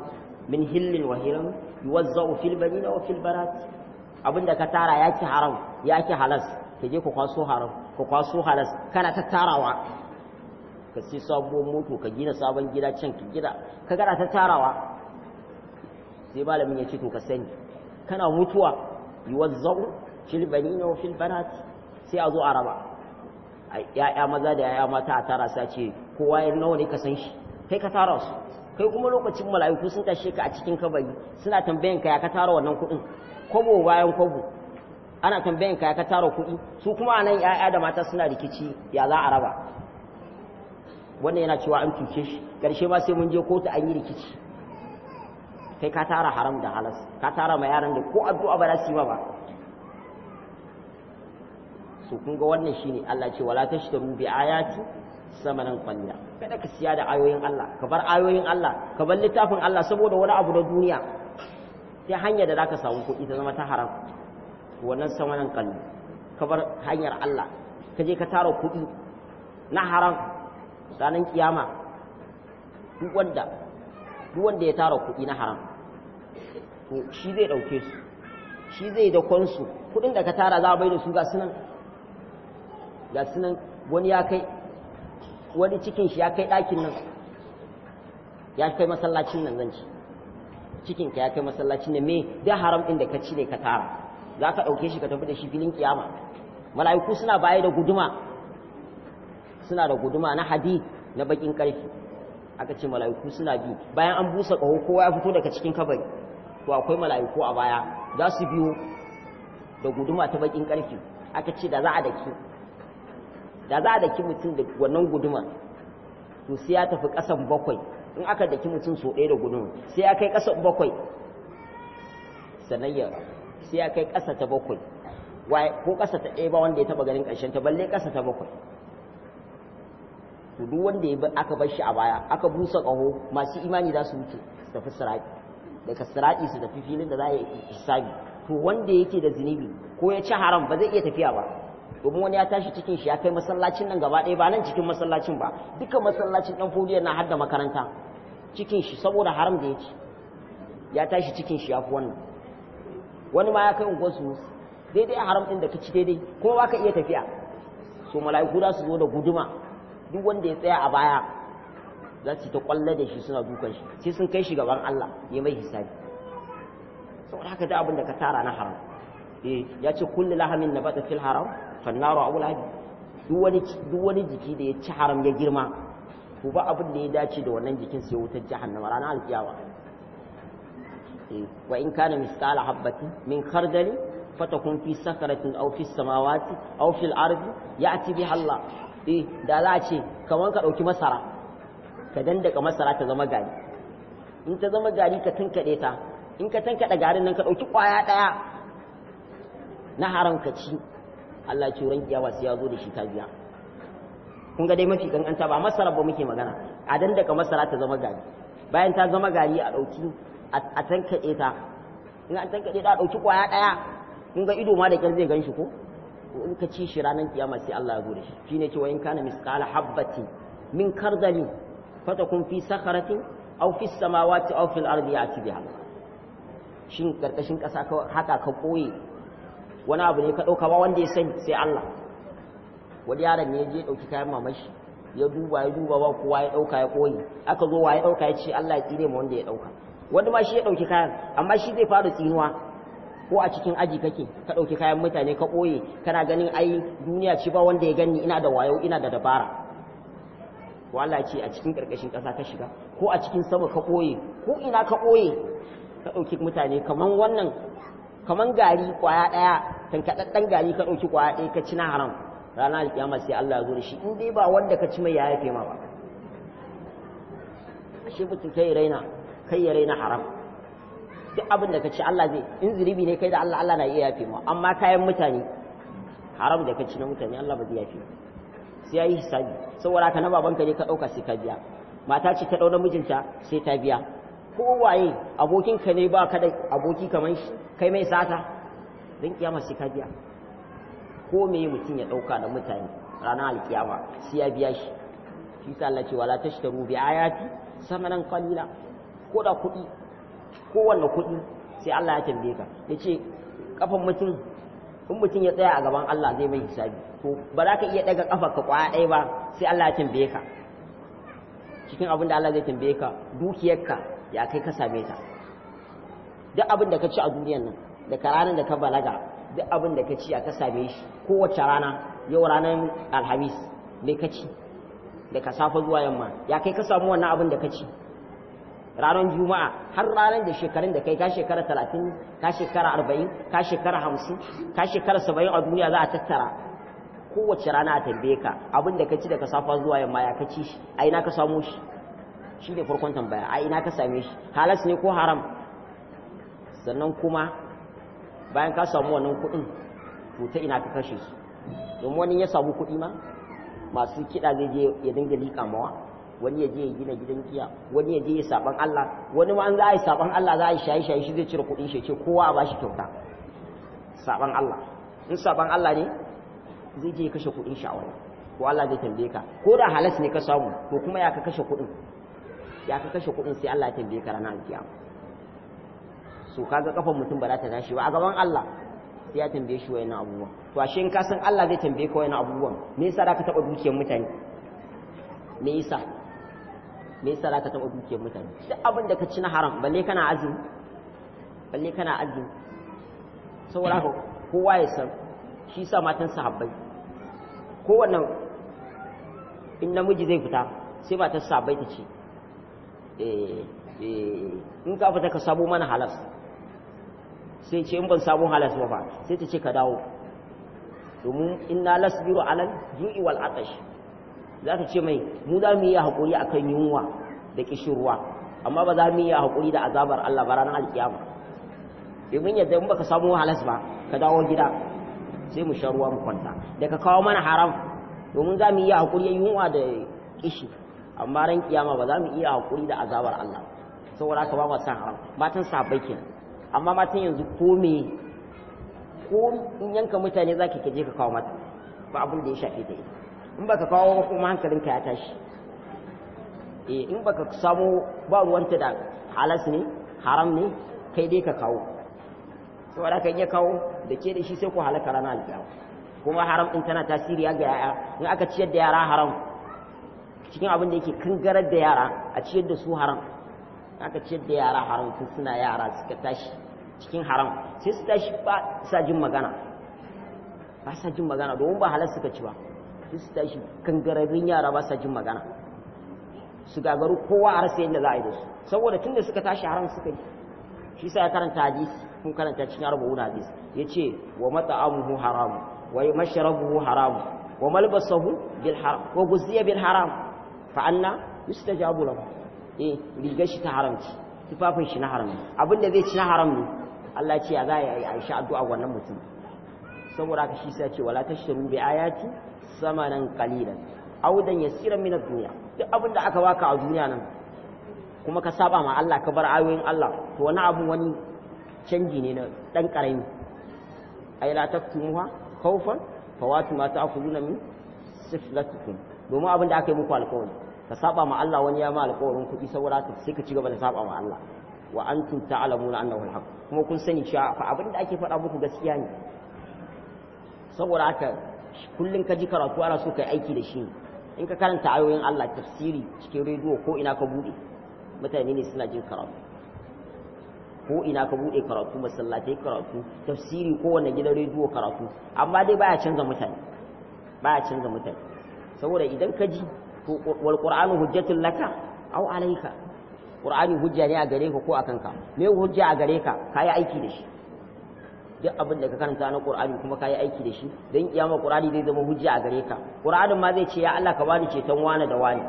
min hillin wa hiram yuwazza'u fil banina wa fil barat abinda ka tara ya ki haram ya ki halas ka je ku kwaso haram ku kwaso halas kana ta tarawa ka ci sabuwar mutu ka gina sabon gida can ki gida ka gara ta tarawa sai malamin ya ce to ka sani kana mutuwa yuwazza'u fil ne wa fil banat sai a zo a raba ya'ya maza da ya'ya mata a tara a ce kowa ya nawa ne ka san shi kai ka tara su kai kuma lokacin mala'iku sun tashi ka a cikin kabari suna tambayan ka ya ka tara wannan kuɗin kwabo bayan kwabo ana tambayan ka ya ka tara kuɗi su kuma anan ya'ya da mata suna rikici ya za a raba wannan yana cewa an cuce shi ƙarshe ma sai mun je kotu an yi rikici kai ka tara haram da halas ka tara ma yaran da ko addu'a ba za su yi ba so kun ga wannan shine Allah ce wala tashtaru bi ayati samanan kwalliya, kada ka siya da ayoyin Allah ka bar ayoyin Allah ka bar littafin Allah saboda wani abu na duniya sai hanyar da zaka samu kuɗi ta zama ta haram wannan samanan qalila ka bar hanyar Allah ka je ka tara kuɗi na haram sanan kiyama duk wanda duk wanda ya tara kuɗi na haram to shi zai ɗauke su shi zai da kwansu kuɗin da ka tara za a bai da su ga sunan ga sunan wani ya kai wani cikin shi ya kai ɗakin nan ya kai masallacin nan zan ci cikin ka ya kai masallacin nan me da haram din da ka ci ne ka tara za ka ɗauke shi ka tafi da shi filin kiyama mala'iku suna baya da guduma suna da guduma na hadi na bakin karfi aka ce mala'iku suna bi bayan an busa ƙaho kowa ya fito daga cikin kabari to akwai mala'iku a baya za su biyo da guduma ta bakin karfi aka ce da za a dake da za a daki mutum da wannan guduma to sai ya tafi ƙasan bakwai in aka daki mutum so ɗaya da guduma sai ya kai ƙasan bakwai sanayyar sai ya kai ƙasa ta bakwai ko ƙasa ta ɗaya ba wanda ya taɓa ganin ƙarshen ta balle ƙasa ta bakwai to duk wanda ya aka bar shi a baya aka busa ƙaho masu imani za su wuce su tafi sirati daga sirati su tafi filin da za a yi hisabi to wanda yake da zunubi ko ya ci haram ba zai iya tafiya ba domin wani ya tashi cikin shi ya kai masallacin nan gaba ɗaya ba nan cikin masallacin ba duka masallacin ɗan fodiyo na hadda makaranta cikin shi saboda haram da ya ci ya tashi cikin shi ya fi wannan wani ma ya kai unguwarsu daidai a haram ɗin da ka ci daidai kuma ba ka iya tafiya so mala'iku za su zo da guduma duk wanda ya tsaya a baya za su ta kwallo da shi suna dukan shi sai sun kai shi gaban Allah ya mai hisabi saboda haka da abin da ka tara na haram eh, ya ce kullu lahamin nabata fil haram fannaro a duk duk wani jiki da ya ci haram ya girma ku ba abin da ya dace da wannan jikin sai wutar jahannama ranar alkiyawa eh, wa in kana misqala habbatin min khardali fatakun fi sakaratin aw fi samawati aw al ardi ya'ti biha Allah eh da za a ce kaman ka dauki masara ka dandaka masara ta zama gari in ta zama gari ka tankade ta in ka tankada garin nan ka dauki kwaya daya na haram ka ci Allah ce ran kiyawa sai ya zo da shi ta biya kun ga dai mafi kankanta ba masara ba muke magana a dan daga masara ta zama gari bayan ta zama gari a dauki a tankade ta in an tankade ta a dauki kwaya daya kun ga ido ma da kyar zai ganshi ko in ka ci shi ranar kiyama sai Allah ya zo da shi shine cewa in kana misqala habbati min kardali fatakun fi sakharatin aw fi samawati aw fil ardi ya'ti biha shin karkashin kasa haka ka koye wani abu ne ka ɗauka ba wanda ya sani sai Allah wani yaron ne ya je ɗauki kayan mamashi ya duba ya duba ba kowa ya ɗauka ya koyi aka zo wa ya ɗauka ya ce Allah ya tsire ma wanda ya ɗauka Wani ma shi ya ɗauki kayan amma shi zai fara tsinuwa ko a cikin aji kake ka ɗauki kayan mutane ka ɓoye kana ganin ai duniya ce ba wanda ya gani ina da wayo ina da dabara ko Allah ce a cikin ƙarƙashin ƙasa ka shiga ko a cikin sama ka ɓoye ko ina ka ɓoye ka ɗauki mutane kamar wannan kaman gari kwaya ɗaya tankaɗaɗɗen gari ka ɗauki kwaya ɗaya ka ci na haram ranar alkiyama sai Allah ya zo da shi in dai ba wanda ka ci mai ya yafe ma ba shi mutum kai raina kai ya raina haram duk abin da ka ci Allah zai in ziribi ne kai da Allah Allah na iya yafe ma amma kayan mutane haram da ka ci na mutane Allah ba zai yafe ma sai ya yi hisabi saboda ka na babanka ne ka ɗauka sai ka biya mata ce ta ɗau mijinta sai ta biya ko waye abokinka ne ba ka da aboki kamar shi kai mai sata don kiyama shi ka biya ko mai mutum ya ɗauka da mutane ranar alkiyama sai ya biya shi shi sa Allah ce wala tashtaru bi sama samanan kwalila ko da kuɗi ko wanda kuɗi sai Allah ya tambaye ka yace kafan mutum in mutum ya tsaya a gaban Allah zai mai hisabi to ba za ka iya daga kafa ka kwaya ɗaya ba sai Allah ya tambaye ka cikin abin da Allah zai tambaye ka dukiyarka ya kai ka same ta duk abin da ka ci a duniyan nan daga ranar da ka balaga duk abin da ka ci a ka same shi kowace rana yau ranar alhamis ne ka ci ka safa zuwa yamma ya kai ka samu wannan abin da ka ci ranar juma'a har ranar da shekarun da kai ka shekara talatin ka shekara arba'in ka shekara hamsin ka shekara saba'in a duniya za a tattara kowace rana a tambaye ka abin da ka ci daga safa zuwa yamma ya ka ci shi a ina ka samu shi shi ne farkon tambaya a ina ka same shi halas ne ko haram sannan kuma bayan ka samu wannan kuɗin to ta ina ka kashe su don wani ya samu kuɗi ma masu kiɗa zai je ya dinga liƙa mawa wani ya je ya gina gidan kiya wani ya je ya saban Allah wani ma an za a yi saban Allah za a yi shayi shayi shi zai cire kuɗin shi ce kowa a bashi kyauta saban Allah in saban Allah ne zai je ya kashe kuɗin shi a wani ko Allah zai tambaye ka ko da halas ne ka samu to kuma ya ka kashe kuɗin ya ka kashe kuɗin sai Allah ya tambaye ka ranar kiyama so kaga kafan mutum ba za ta tashi ba a gaban Allah sai ya tambaye shi wayannan abubuwan to a in ka san Allah zai tambaye ka wayannan abubuwan me yasa za ka taba dukiyar mutane me yasa me yasa za ka taba dukiyar mutane duk abin da ka ci na haram balle kana azumi balle kana azumi saboda haka kowa ya san shi sa matan sahabbai kowanne in namiji zai fita sai ta sahabbai ta ce eh, eh, in ka fita ka sabo mana halas sai ce in ban samu halas ba sai ta ce ka dawo domin inna lasbiru alal ju'i wal atash za ta ce mai mu za mu yi hakuri akan yunwa da kishirwa amma ba za mu yi hakuri da azabar Allah ba ranar alkiyama domin yadda in baka samu halas ba ka dawo gida sai mu sharuwa ruwa mu kwanta da ka kawo mana haram domin za mu yi hakuri yunwa da kishi amma ran kiyama ba za mu iya hakuri da azabar Allah saboda ka ba mu san haram matan sabai kenan amma matan yanzu ko me ko in yanka mutane zaki ka je ka kawo mata ba abin da ya shafe ta ita in baka kawo ba kuma hankalinka ya tashi eh in baka samu ba ruwanta da halas ne haram ne kai dai ka kawo saboda kan ya kawo da ke da shi sai ku halaka rana alƙiyama kuma haram din tana tasiri ga yaya in aka ciyar da yara haram cikin abin da yake kangarar da yara a ciyar da su haram aka ciyar da yara haram tun suna yara suka tashi cikin haram sai su tashi ba sa jin magana ba sa jin magana domin ba halar suka ci ba sai su tashi kangararrun yara ba sa jin magana su gagaru kowa a rasa yadda za a yi da su saboda da suka tashi haram suka yi shi sa ya karanta hadisi kun karanta cikin arba'un ya ce wa mat'amuhu haramu wa mashrabuhu haramu wa malbasuhu bil haram wa guziya bil haram fa anna yustajabu lahu eh riga shi ta haramci tufafin shi na haram abin da zai ci na haram ne Allah ce ya za a yi aisha addu'a wannan mutum saboda haka shi sai ce wala tashru bi ayati samanan qalilan aw dan ya min ad duniya duk abin da aka baka a duniya nan kuma ka saba ma Allah ka bar ayoyin Allah to wani abu wani canji ne na dan karami ay la taktumuha khawfan fawatu ma ta'khuduna min siflatikum domin abin da aka yi muku alƙawari ka saba ma Allah wani ya ma alƙawarin kuɗi saboda haka sai ka ci gaba da saba ma Allah wa antum ta'lamuna annahu alhaq kuma kun sani cewa fa abin da ake faɗa muku gaskiya ne saboda haka kullun ka ji karatu ana so kai aiki da shi in ka karanta ayoyin Allah tafsiri cikin rediyo ko ina ka bude mutane ne suna jin karatu ko ina ka bude karatu masallatai karatu tafsiri ko wanne gidan rediyo karatu amma dai baya canza mutane baya canza mutane saboda idan ka ji wal qur'anu hujjatul laka aw alayka Ƙur'ani hujja ne a gare ka ko a kanka me hujja a gare ka yi aiki da shi duk abin da ka karanta na qur'ani kuma kayi aiki da shi dan kiyama qur'ani zai zama hujja a gare ka qur'anin ma zai ce ya Allah ka bani ceton wani da wani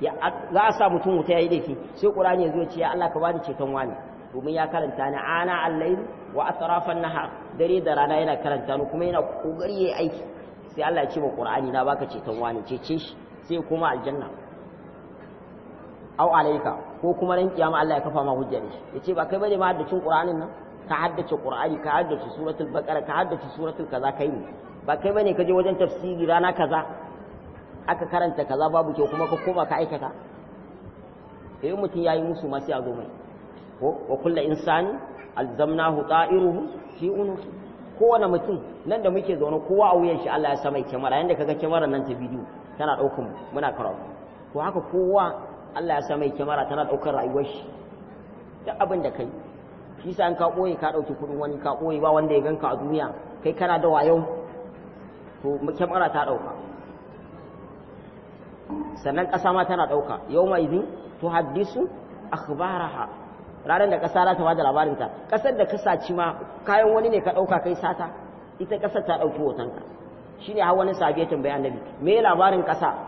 ya za a sa mutum wuta yayi dafi sai qur'ani ya zo ce ya Allah ka bani ceton wani domin ya karanta ni ana al-layl wa atrafan nahar dare da rana yana karanta ni kuma yana kokari yayi aiki sai Allah ya ce wa qur'ani na baka ceton wani cece shi sai kuma aljanna au alaika ko kuma ran kiyama Allah ya kafa ma hujja ya ce yace ba kai bane ma haddacin Qur'anin nan ka haddace Qur'ani ka haddace suratul Baqara ka haddace suratul kaza kai ne ba kai bane ka je wajen tafsiri rana kaza aka karanta kaza babu kyau kuma ka koma ka aikata eh mutum yayi musu ma sai a zo mai ko wa kullu insani alzamnahu ta'iruhu fi kowane mutum nan da muke zaune kowa a wuyan shi Allah ya sa mai kyamara yanda kaga kamera nan ta bidiyo tana daukan muna karatu to haka kowa Allah ya sa mai kyamara tana ɗaukar rayuwar shi duk abin da kai shi sa in ka ɓoye ka ɗauki kuɗin wani ka ɓoye ba wanda ya ganka a duniya kai kana da wayo to kyamara ta ɗauka sannan ƙasa ma tana ɗauka yau mai izin to haddisu akhbaraha ranar da ƙasa za ta bada labarinta ƙasar da ka saci ma kayan wani ne ka ɗauka kai sata ita ƙasar ta ɗauki hotonka shine har wani sabi ya tambaya annabi me labarin ƙasa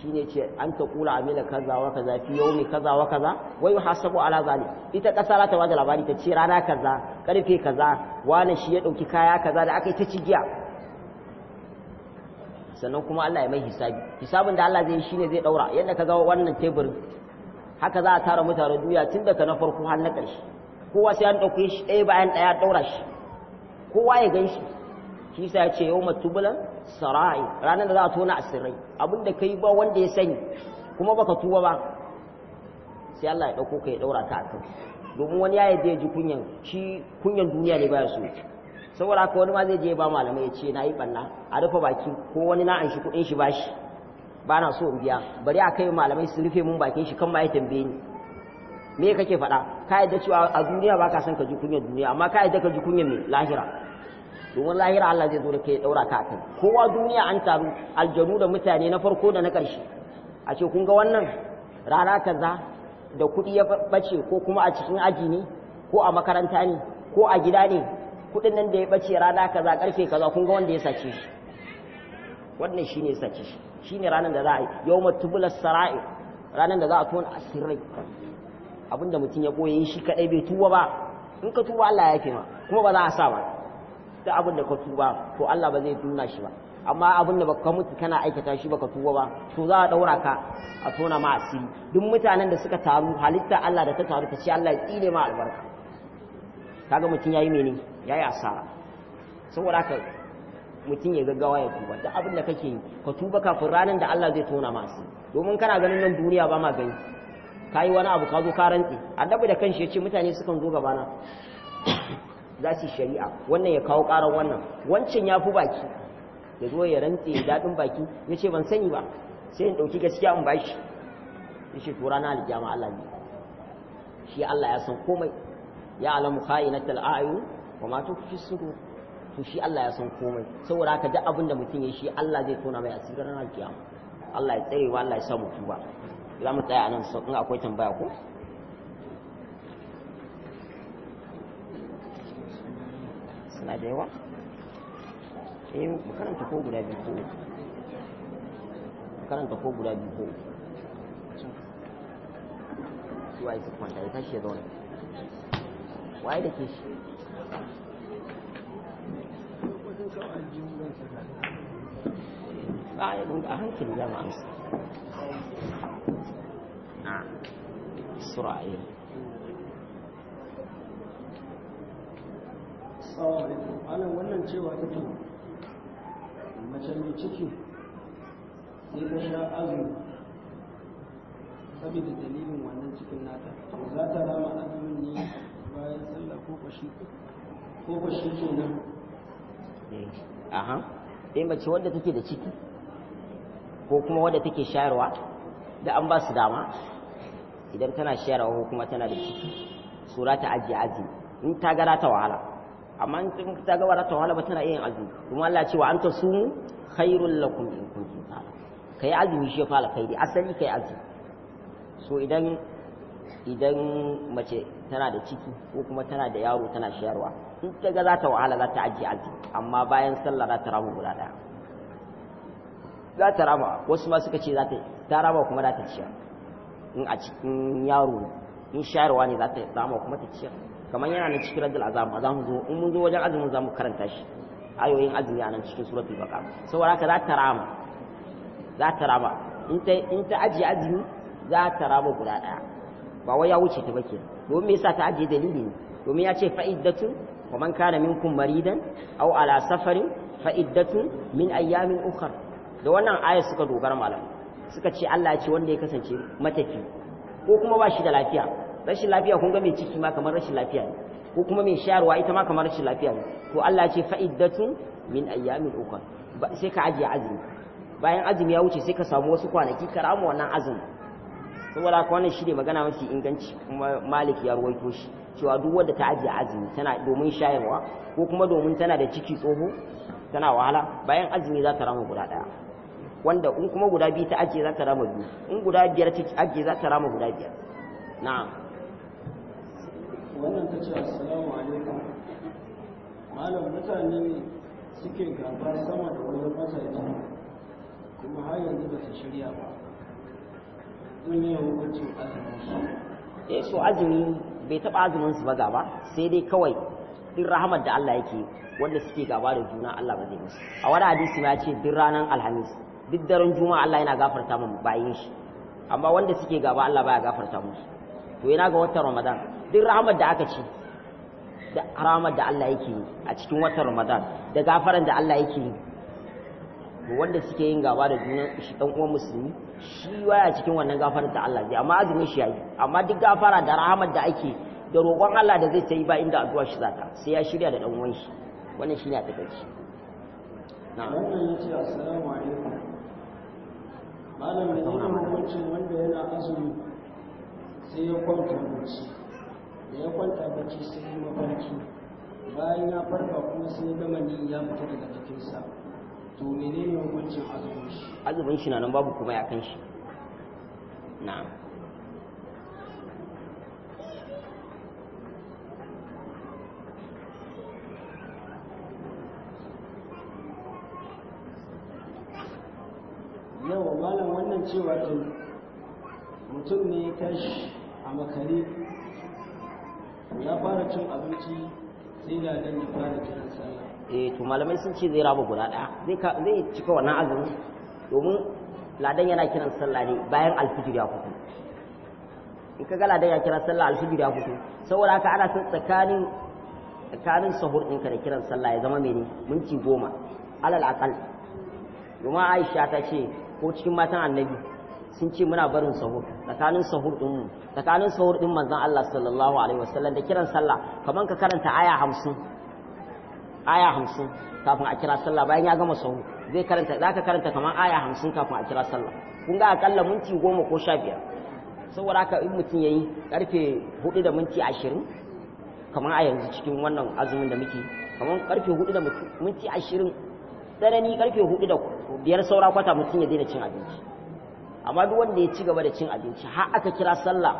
Shi ne ce an ta kula amila kaza wa kaza fi ne kaza wa kaza wai hasabu ala ita kasa za ta bada labari ta ce rana kaza karfe kaza wani shi ya dauki kaya kaza da aka yi ta cigiya sannan kuma Allah ya mai hisabi hisabin da Allah zai yi ne zai daura yadda ka ga wannan tebur haka za a tara mutane duya tun daga na farko har na ƙarshe kowa sai an dauke shi ɗaya bayan ɗaya daura shi kowa ya gan shi shi sa ya ce yau tubulan sarai ranar da za a tona asirai abinda kai ba wanda ya sani kuma baka tuba ba sai Allah ya dauko ka ya daura ta akan domin wani ya yadda ya ji kunyan shi kunyan duniya ne ba ya so saboda haka wani ma zai je ba malamai ya ce na yi banna a rufe baki ko wani na an shi kuɗin shi bashi ba na so in biya bari a kai malamai su rufe mun bakin shi kan ma ya tambaye ni me kake faɗa ka yadda cewa a duniya ba ka san ka ji kunyan duniya amma ka yadda ka ji kunyan ne lahira domin lahira Allah zai zo da kai daura ka kai kowa duniya an taru aljanu da mutane na farko da na ƙarshe a ce kun ga wannan rana kaza da kuɗi ya bace ko kuma a cikin aji ne ko a makaranta ne ko a gida ne kuɗin nan da ya bace rana kaza ƙarfe kaza kun ga wanda ya sace shi wannan shine ya sace shi shine ranar da za a yi yawma tubula sara'i ranar da za a tona asirai abinda mutum ya koye shi kadai bai tuba ba in ka tuba Allah ya yafe ma kuma ba za a sa ba da abin da ka tuba to Allah ba zai tuna shi ba amma abin da baka mutu kana aikata shi baka tuba ba to za a daura ka a tona ma asiri duk mutanen da suka taru halitta Allah da ta taru ta ce Allah ya tsine ma albarka kaga mutum yayi mene yayi asara saboda haka mutum ya gaggawa ya tuba duk abin da kake yi ka tuba kafin ranar da Allah zai tona ma asiri domin kana ganin nan duniya ba ma gani kayi wani abu ka zo ka rantsi annabi da kanshi ya ce mutane sukan zo gabana za su shari'a wannan ya kawo ƙarar wannan wancan ya fi baki ya zo ya rantse daɗin baki ya ce ban sani ba sai in ɗauki gaskiya in bashi ya ce to rana aljama Allah ne shi Allah ya san komai ya alamu na tal'ayu ba ma fi sudur to shi Allah ya san komai saboda haka duk abin da mutum ya shi Allah zai tona mai asirin ranar kiyama Allah ya tsare wa Allah ya sa mutu ba za mu tsaya anan in akwai tambaya ko suna da yawa eh mu karanta ko guda biyu ko mu karanta ko guda biyu ko su ai su kwanta ya tashi ya Wa yi da ke shi ba ya a hankali za amsa a sura a Assalamu alaikum. Ana wannan cewa take mace mai ciki sai ta sha azumi saboda dalilin wannan cikin nata. To za ta rama azumin ne bayan sallah ko bashi ko bashi nan. Eh, aha. Eh mace wanda take da ciki ko kuma wanda take shayarwa da an ba su dama idan tana shayarwa ko kuma tana da ciki sura ta ajiye azumi in ta gara ta wahala amma in ta ga wala tawala ba tana yin azumi kuma Allah cewa anta sumu khairul lakum in kuntum ta'lamun kai azumi shi fa alkhairi asali kai azumi so idan idan mace tana da ciki ko kuma tana da yaro tana shayarwa in ta ga za ta wahala za ta ajiye azumi amma bayan sallah za ta rabu guda daya za ta rama wasu ma suka ce za ta ta rama kuma za ta ciyar in a cikin yaro in shayarwa ne za ta rama kuma ta ciyar kamar yana na cikin raddul azam za mu zo in mun zo wajen azumin za mu karanta shi ayoyin azumi a nan cikin suratul baqara saboda haka za ta rama za ta rama in ta in ajiye azumi za ta rama guda daya ba wai ya wuce ta bake domin me yasa ta ajiye dalili ne domin ya ce fa'iddatu wa man kana minkum maridan aw ala safarin fa'iddatu min ayyamin ukar da wannan ayar suka dogara malam suka ce Allah ya ce wanda ya kasance matafi ko kuma ba shi da lafiya rashin lafiya kun ga mai ciki ma kamar rashin lafiya ne ko kuma mai shayarwa ita ma kamar rashin lafiya ne to Allah ce fa'iddatun min ayyamin ukhra sai ka ajiye azumi bayan azumi ya wuce sai ka samu wasu kwanaki ka ramu wannan azumi saboda ka wannan shi ne magana mafi inganci kuma malik ya ruwaito shi cewa duk wanda ta ajiye azumi tana domin shayarwa ko kuma domin tana da ciki tsoho tana wahala bayan azumi za ta rama guda ɗaya wanda in kuma guda biyu ta ajiye za ta rama biyu in guda biyar ta ajiye za ta rama guda biyar na'am wannan ta ce assalamu alaikum malam mutane ne suke gaba sama da wani matsayi kuma har yanzu ba su shirya ba mun yi hukuncin azumin su eh so azumi bai taba azumin su ba gaba sai dai kawai din rahamar da Allah yake wanda suke gaba da juna Allah ba zai musu a wani hadisi ma ce duk ranar alhamis duk daren juma'a Allah yana gafarta mu bayin shi amma wanda suke gaba Allah baya gafarta musu to yana ga watan Ramadan duk rahamar da aka ci da rahamar da Allah yake yi a cikin watan Ramadan da gafaran da Allah yake yi wanda suke yin gaba da junan shi dan uwan musulmi shi waya cikin wannan gafaran da Allah zai amma azumin shi yayi amma duk gafara da rahamar da ake da roƙon Allah da zai tayi ba inda addu'a shi zata sai ya shirya da dan uwan shi wannan shine a takaice na wannan yace assalamu alaikum Malamin ne hukuncin wanda yana azumi sai ya kwanta bacci da ya kwanta bacci sai yi mafarki bayan ya farka kuma sai ya gama ni ya fita daga jikinsa to menene hukuncin azumin shi azumin shi na nan babu kuma ya kan shi yau malam wannan cewa mutum ne ya tashi a makare ya fara cin abinci sai da dan ya fara kiran sallah eh to malamai sun ce zai raba guda daya zai zai cika wannan azumi domin ladan yana kiran sallah ne bayan alfijir ya fito in ka ga ladan ya kiran sallah alfijir ya fito saboda haka ana son tsakanin tsakanin sahur ɗinka da kiran sallah ya zama mene minti goma alal akal domin aisha ta ce ko cikin matan annabi sun ce muna barin sahur tsakanin sahur din tsakanin sahur din manzon Allah sallallahu alaihi wasallam da kiran sallah kaman ka karanta aya 50 aya 50 kafin a kira sallah bayan ya gama sahur zai karanta zaka karanta kaman aya 50 kafin a kira sallah kun ga akalla minti 10 ko 15 saboda haka in mutum yayi karfe 4 da minti 20 kaman a yanzu cikin wannan azumin da muke kaman karfe 4 da minti 20 tsanani karfe 4 da 5 saura kwata mutum ya daina cin abinci amma duk wanda ya ci gaba da cin abinci har aka kira sallah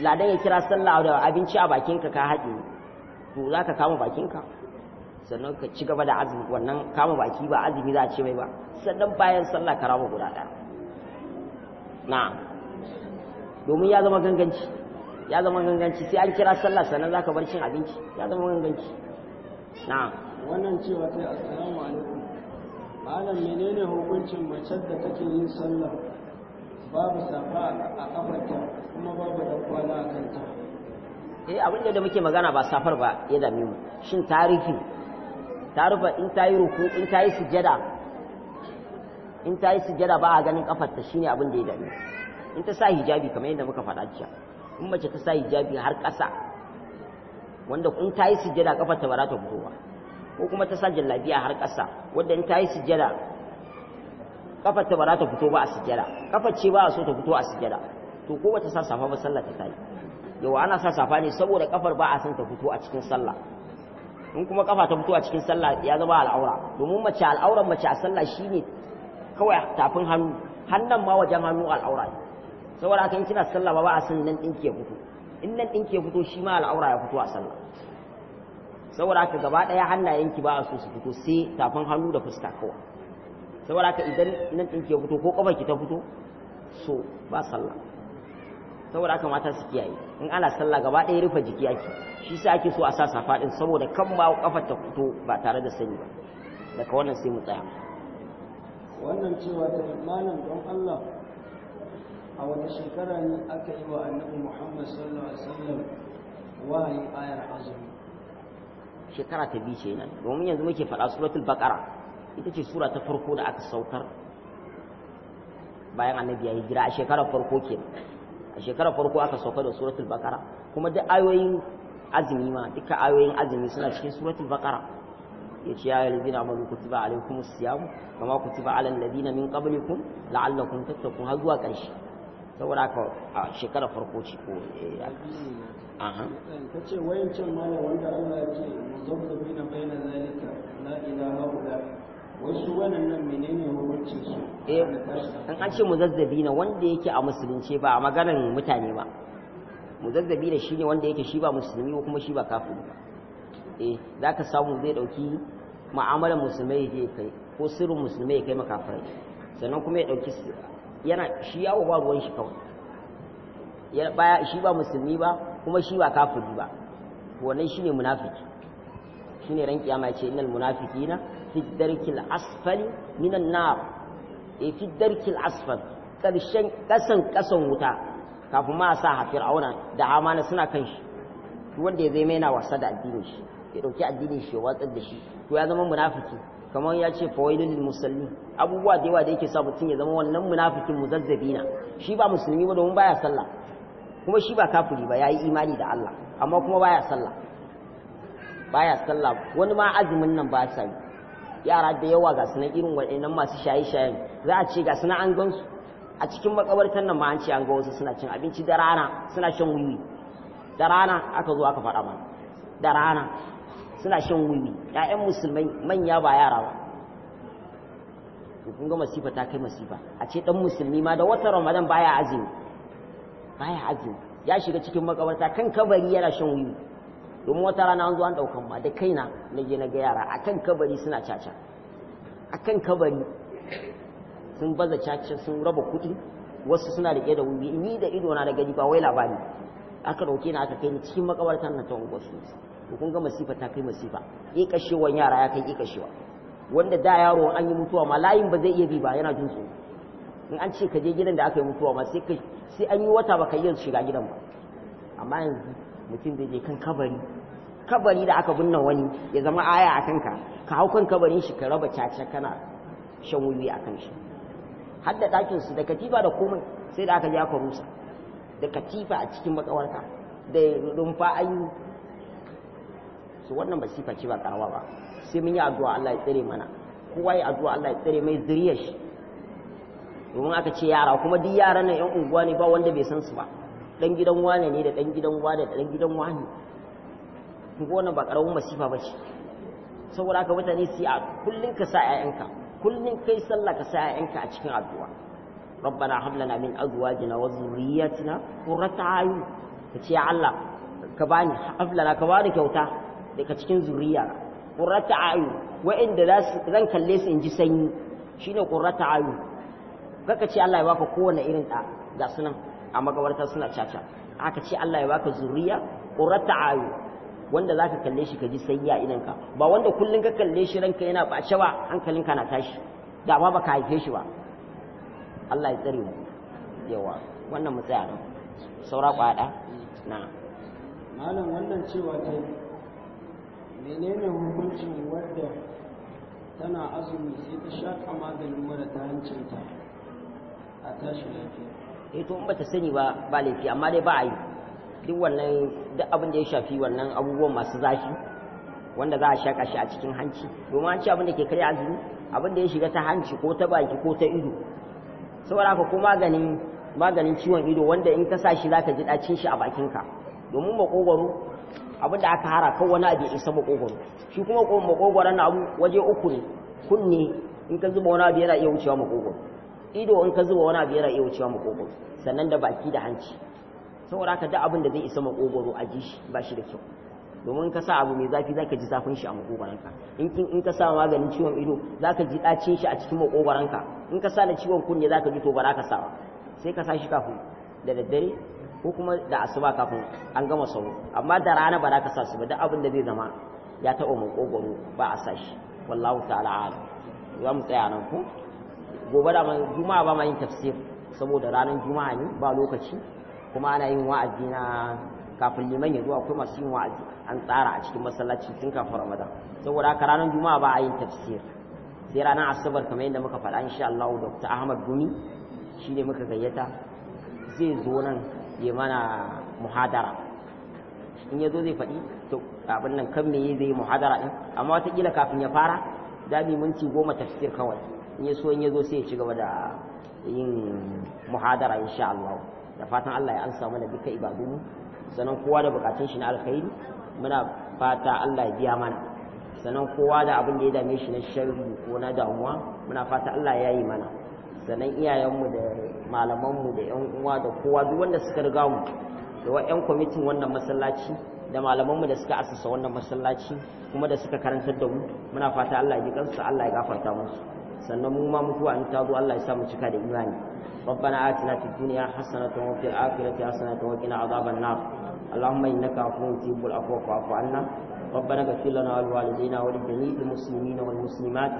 ladan ya kira sallah da abinci a bakinka ka haɗe to za ka kama bakinka sannan ka ci gaba da azumi wannan kama baki ba azumi za a ce mai ba sannan bayan sallah ka rama guda ɗaya na domin ya zama ganganci ya zama ganganci sai an kira sallah sannan za ka bar cin abinci ya zama ganganci na wannan cewa sai assalamu alaikum malam menene hukuncin macen da take yin sallah babu safa a kafarta kuma babu da kwana a kanta eh abin da muke magana ba safar ba ya dame mu shin tarihi tarufa in ta yi ruku in ta yi sujada in ta yi sujada ba a ganin kafarta shine abin da ya dame in ta sa hijabi kamar yadda muka faɗa jiya in mace ta sa hijabi har ƙasa wanda in ta yi sujada kafarta ba za ta fito ba ko kuma ta sa jallabiya har ƙasa wadda in ta yi sujjada kafar ta ba za ta fito ba a sujjada kafar ce ba a so ta fito a sujjada to ko wata sa safa ba sallah ta kai yau ana sa safa ne saboda kafar ba a son ta fito a cikin sallah in kuma kafa ta fito a cikin sallah ya zama al'aura domin mace al'auran mace a sallah shine kawai tafin hannu hannan ma wajen hannu al'aura ne saboda haka in kina sallah ba ba a son nan ɗinki ya fito in nan ɗinki ya fito shi ma al'aura ya fito a sallah saboda haka gaba ɗaya hannayenki ba a so su fito sai tafin hannu da fuska kawai saboda haka idan nan ɗinki ya fito ko ƙafarki ta fito so ba sallah saboda haka mata su kiyaye in ana sallah gaba ɗaya rufe jiki ake shi sai ake so a sa safa ɗin saboda kan ba ƙafar ta fito ba tare da sani ba daga wannan sai mu tsaya wannan cewa da malam don Allah a wata shekara ne aka yi wa annabi Muhammad sallallahu alaihi wasallam wahayi ayar azumi shekara ta biyu nan domin yanzu muke faɗa suratul baqara ita ce sura ta farko da aka saukar bayan annabi ya hijira a shekarar farko ke a shekarar farko aka saukar da suratul baqara kuma duk ayoyin azumi ma duka ayoyin azumi suna cikin suratul baqara yace ya ayyuhallazina amanu kutiba alaykumus siyam kama kutiba alal ladina min qablikum la'allakum tattaqun har zuwa ƙarshe saboda haka a shekara farko ce ko eh, aha ta ce wayancan mala wanda Allah ya ce bai na baina zalika la ilaha illa wasu wannan menene hukuncin su eh an ce muzazzabi na wanda yake a musulunci ba a maganar mutane ba muzazzabi da shine wanda yake shi ba musulmi ko kuma shi ba kafiri ba eh zaka samu zai dauki ma'amalar musulmai ya kai ko sirrin musulmai ya kai makafirai sannan kuma ya dauki yana shi yawo ba ruwan shi kawai ya baya shi ba musulmi ba kuma shi ba kafiri ba wannan shine munafiki shine ran kiyama ya ce innal munafiqina fi darkil asfali minan nar e fi darkil asfal ƙasan kasan kasan wuta kafin ma sa hafir auna da amana suna kan shi wanda ya zai mai na wasa da addinin shi ya dauki addinin shi ya watsar da shi to ya zama munafiki kamar ya ce fawailul musalli abubuwa da yawa da yake sa mutum ya zama wannan munafikin muzazzabi na shi ba musulmi ba domin baya sallah kuma shi ba kafiri ba yayi imani da Allah amma kuma baya sallah baya sallah wani ma azumin nan ba sa yara da yawa ga sunan irin waɗannan masu shaye-shayen za a ce ga sunan an gansu a cikin makabartan nan ma an ce an ga wasu suna cin abinci da rana suna shan wiwi da rana aka zo aka faɗa mana da rana suna shan wiwi ƴaƴan musulmai manya ba yara ba to ga masifa ta kai masifa a ce dan musulmi ma da wata ramadan baya azumi baya azumi ya shiga cikin makabarta kan kabari yana shan wuni domin wata rana an zo an daukan ma da kaina na je na ga yara akan kabari suna caca akan kabari sun baza caca sun raba kuɗi wasu suna rike da wiwi ni da ido na da gani ba wai labari aka dauke ni aka kai ni cikin makabartan na ta unguwarsu to kun ga masifa ta kai masifa ƙi yara ya kai kashewa wanda da yaro an yi mutuwa ma layin ba zai iya bi ba yana jin su in an ce ka je gidan da aka yi mutuwa ma sai an yi wata baka yin shiga gidan ba amma yanzu mutum zai je kan kabari kabari da aka binna wani ya zama aya a kanka ka hau kan kabarin shi ka raba caca kana shan wuyi a kan shi har da ɗakin su da katifa da komai sai da aka ji aka rusa da katifa a cikin bakawarka da rumfa ayu su wannan masifa ce ba karawa ba sai mun yi addu'a Allah ya tsare mana kowa ya addu'a Allah ya tsare mai zuriyar shi domin aka ce yara kuma duk yaran nan yan unguwa ne ba wanda bai san su ba dan gidan wane ne da dan gidan wane da dan gidan wane kuma wannan ba karawun masifa ba ce saboda haka mutane su yi a kullun ka sa 'ya'yanka kullun kai sallah ka sa 'ya'yanka a cikin addu'a rabbana hab lana min azwajina wa dhurriyyatina qurrata ayun kace ya Allah ka bani hab lana ka bani kyauta daga cikin zuriya qurrata ayun wa'inda zan kalle su in ji sanyi shine qurrata ayun kaka ce Allah ya baka kowane irin da ga sunan a magabarta suna caca aka ce Allah ya baka zuriya qurrata ayun wanda zaka kalle shi ka ji sanyi a ka ba wanda kullun ka kalle shi ranka yana bace ba hankalinka na tashi da ba baka haife shi ba Allah ya tsare mu yawa wannan mu tsaya nan saura kwada na malam wannan cewa ta menene hukuncin wadda tana azumi sai ta shaƙa maganin mara ta hancinta a tashi lafiya eh to in bata sani ba ba laifi amma dai ba a yi duk wannan duk abin da ya shafi wannan abubuwan masu zafi wanda za a shaƙa shi a cikin hanci domin an ce abin da ke karya azumi abin da ya shiga ta hanci ko ta baki ko ta ido saboda haka ko maganin maganin ciwon ido wanda in ka sa shi zaka ji dacin shi a bakinka domin makogoro abinda aka hara kan wani abu ya isa makogoro shi kuma makogoron na abu waje uku ne kunne in ka zuba wani abu yana iya wucewa makogoro ido in ka zuba wani abu yana iya wucewa makogoro sannan da baki da hanci saboda haka duk abin da zai isa makogoro a ji shi ba shi da kyau domin ka sa abu mai zafi zaka ji zafin shi a makogoranka in kin in ka sa maganin ciwon ido zaka ji dacin shi a cikin makogoranka in ka sa na ciwon kunne zaka ji to ba ka sawa sai ka sa shi kafin da daddare ko kuma da asuba kafin an gama sauro amma da rana ba za sa su ba duk abin da zai zama ya taɓa makogoro ba a sa shi wallahu ta'ala ya mu tsaya nan ko gobe da juma'a ba ma yin tafsir saboda ranar juma'a ne ba lokaci kuma ana yin wa'azi na kafin liman ya zo akwai masu yin wa'azi an tsara a cikin masallaci tun kafin ramadan saboda haka ranar juma'a ba a yin tafsir sai ranar asabar kamar yadda muka faɗa insha Allah Dr. Ahmad Gumi shi ne muka gayyata zai zo nan ya mana muhadara in ya zo zai faɗi to abin nan kan meye zai yi muhadara ɗin amma watakila kafin ya fara dami minti goma tafsir kawai in ya so in ya zo sai ya ci gaba da yin muhadara insha Allah da fatan Allah ya ansa mana duka ibadunmu sannan kowa da bukatun shi na alkhairi muna fata Allah ya biya mana sannan kowa da abin da ya dame shi na sharri ko na damuwa muna fata Allah ya yi mana sannan iyayenmu da malamanmu da yan uwa da kowa duk wanda suka riga mu da wa'yan kwamitin wannan masallaci da malamanmu da suka asasa wannan masallaci kuma da suka karantar da mu muna fata Allah ya ji kansu Allah ya gafarta musu sannan mu ma mutuwa in ta Allah ya sa cika da imani ربنا آتنا في الدنيا حسنة وفي الآخرة حسنة وقنا عذاب النار اللهم إنك عفو تحب العفو فاعف عنا ربنا اغفر لنا ولوالدينا ولجميع المسلمين والمسلمات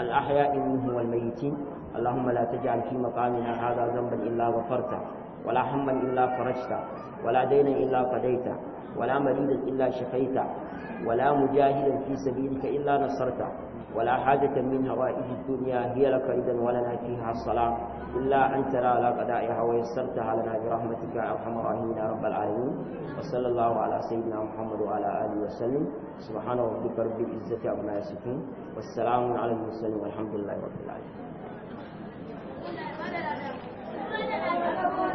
الأحياء منهم والميتين اللهم لا تجعل في مقامنا هذا ذنبا إلا غفرته ولا هما إلا فرجته ولا دينا إلا قضيته ولا مريضا إلا شفيته ولا مجاهدا في سبيلك إلا نصرته ولا حاجة من هوائج الدنيا هي لك إذا ولنا فيها الصلاة إلا أن ترى لا قدائها ويسرتها لنا برحمتك يا أرحم الراحمين يا رب العالمين وصلى الله على سيدنا محمد وعلى آله وسلم سبحان ربك رب العزة عما يصفون والسلام على المرسلين والحمد لله رب العالمين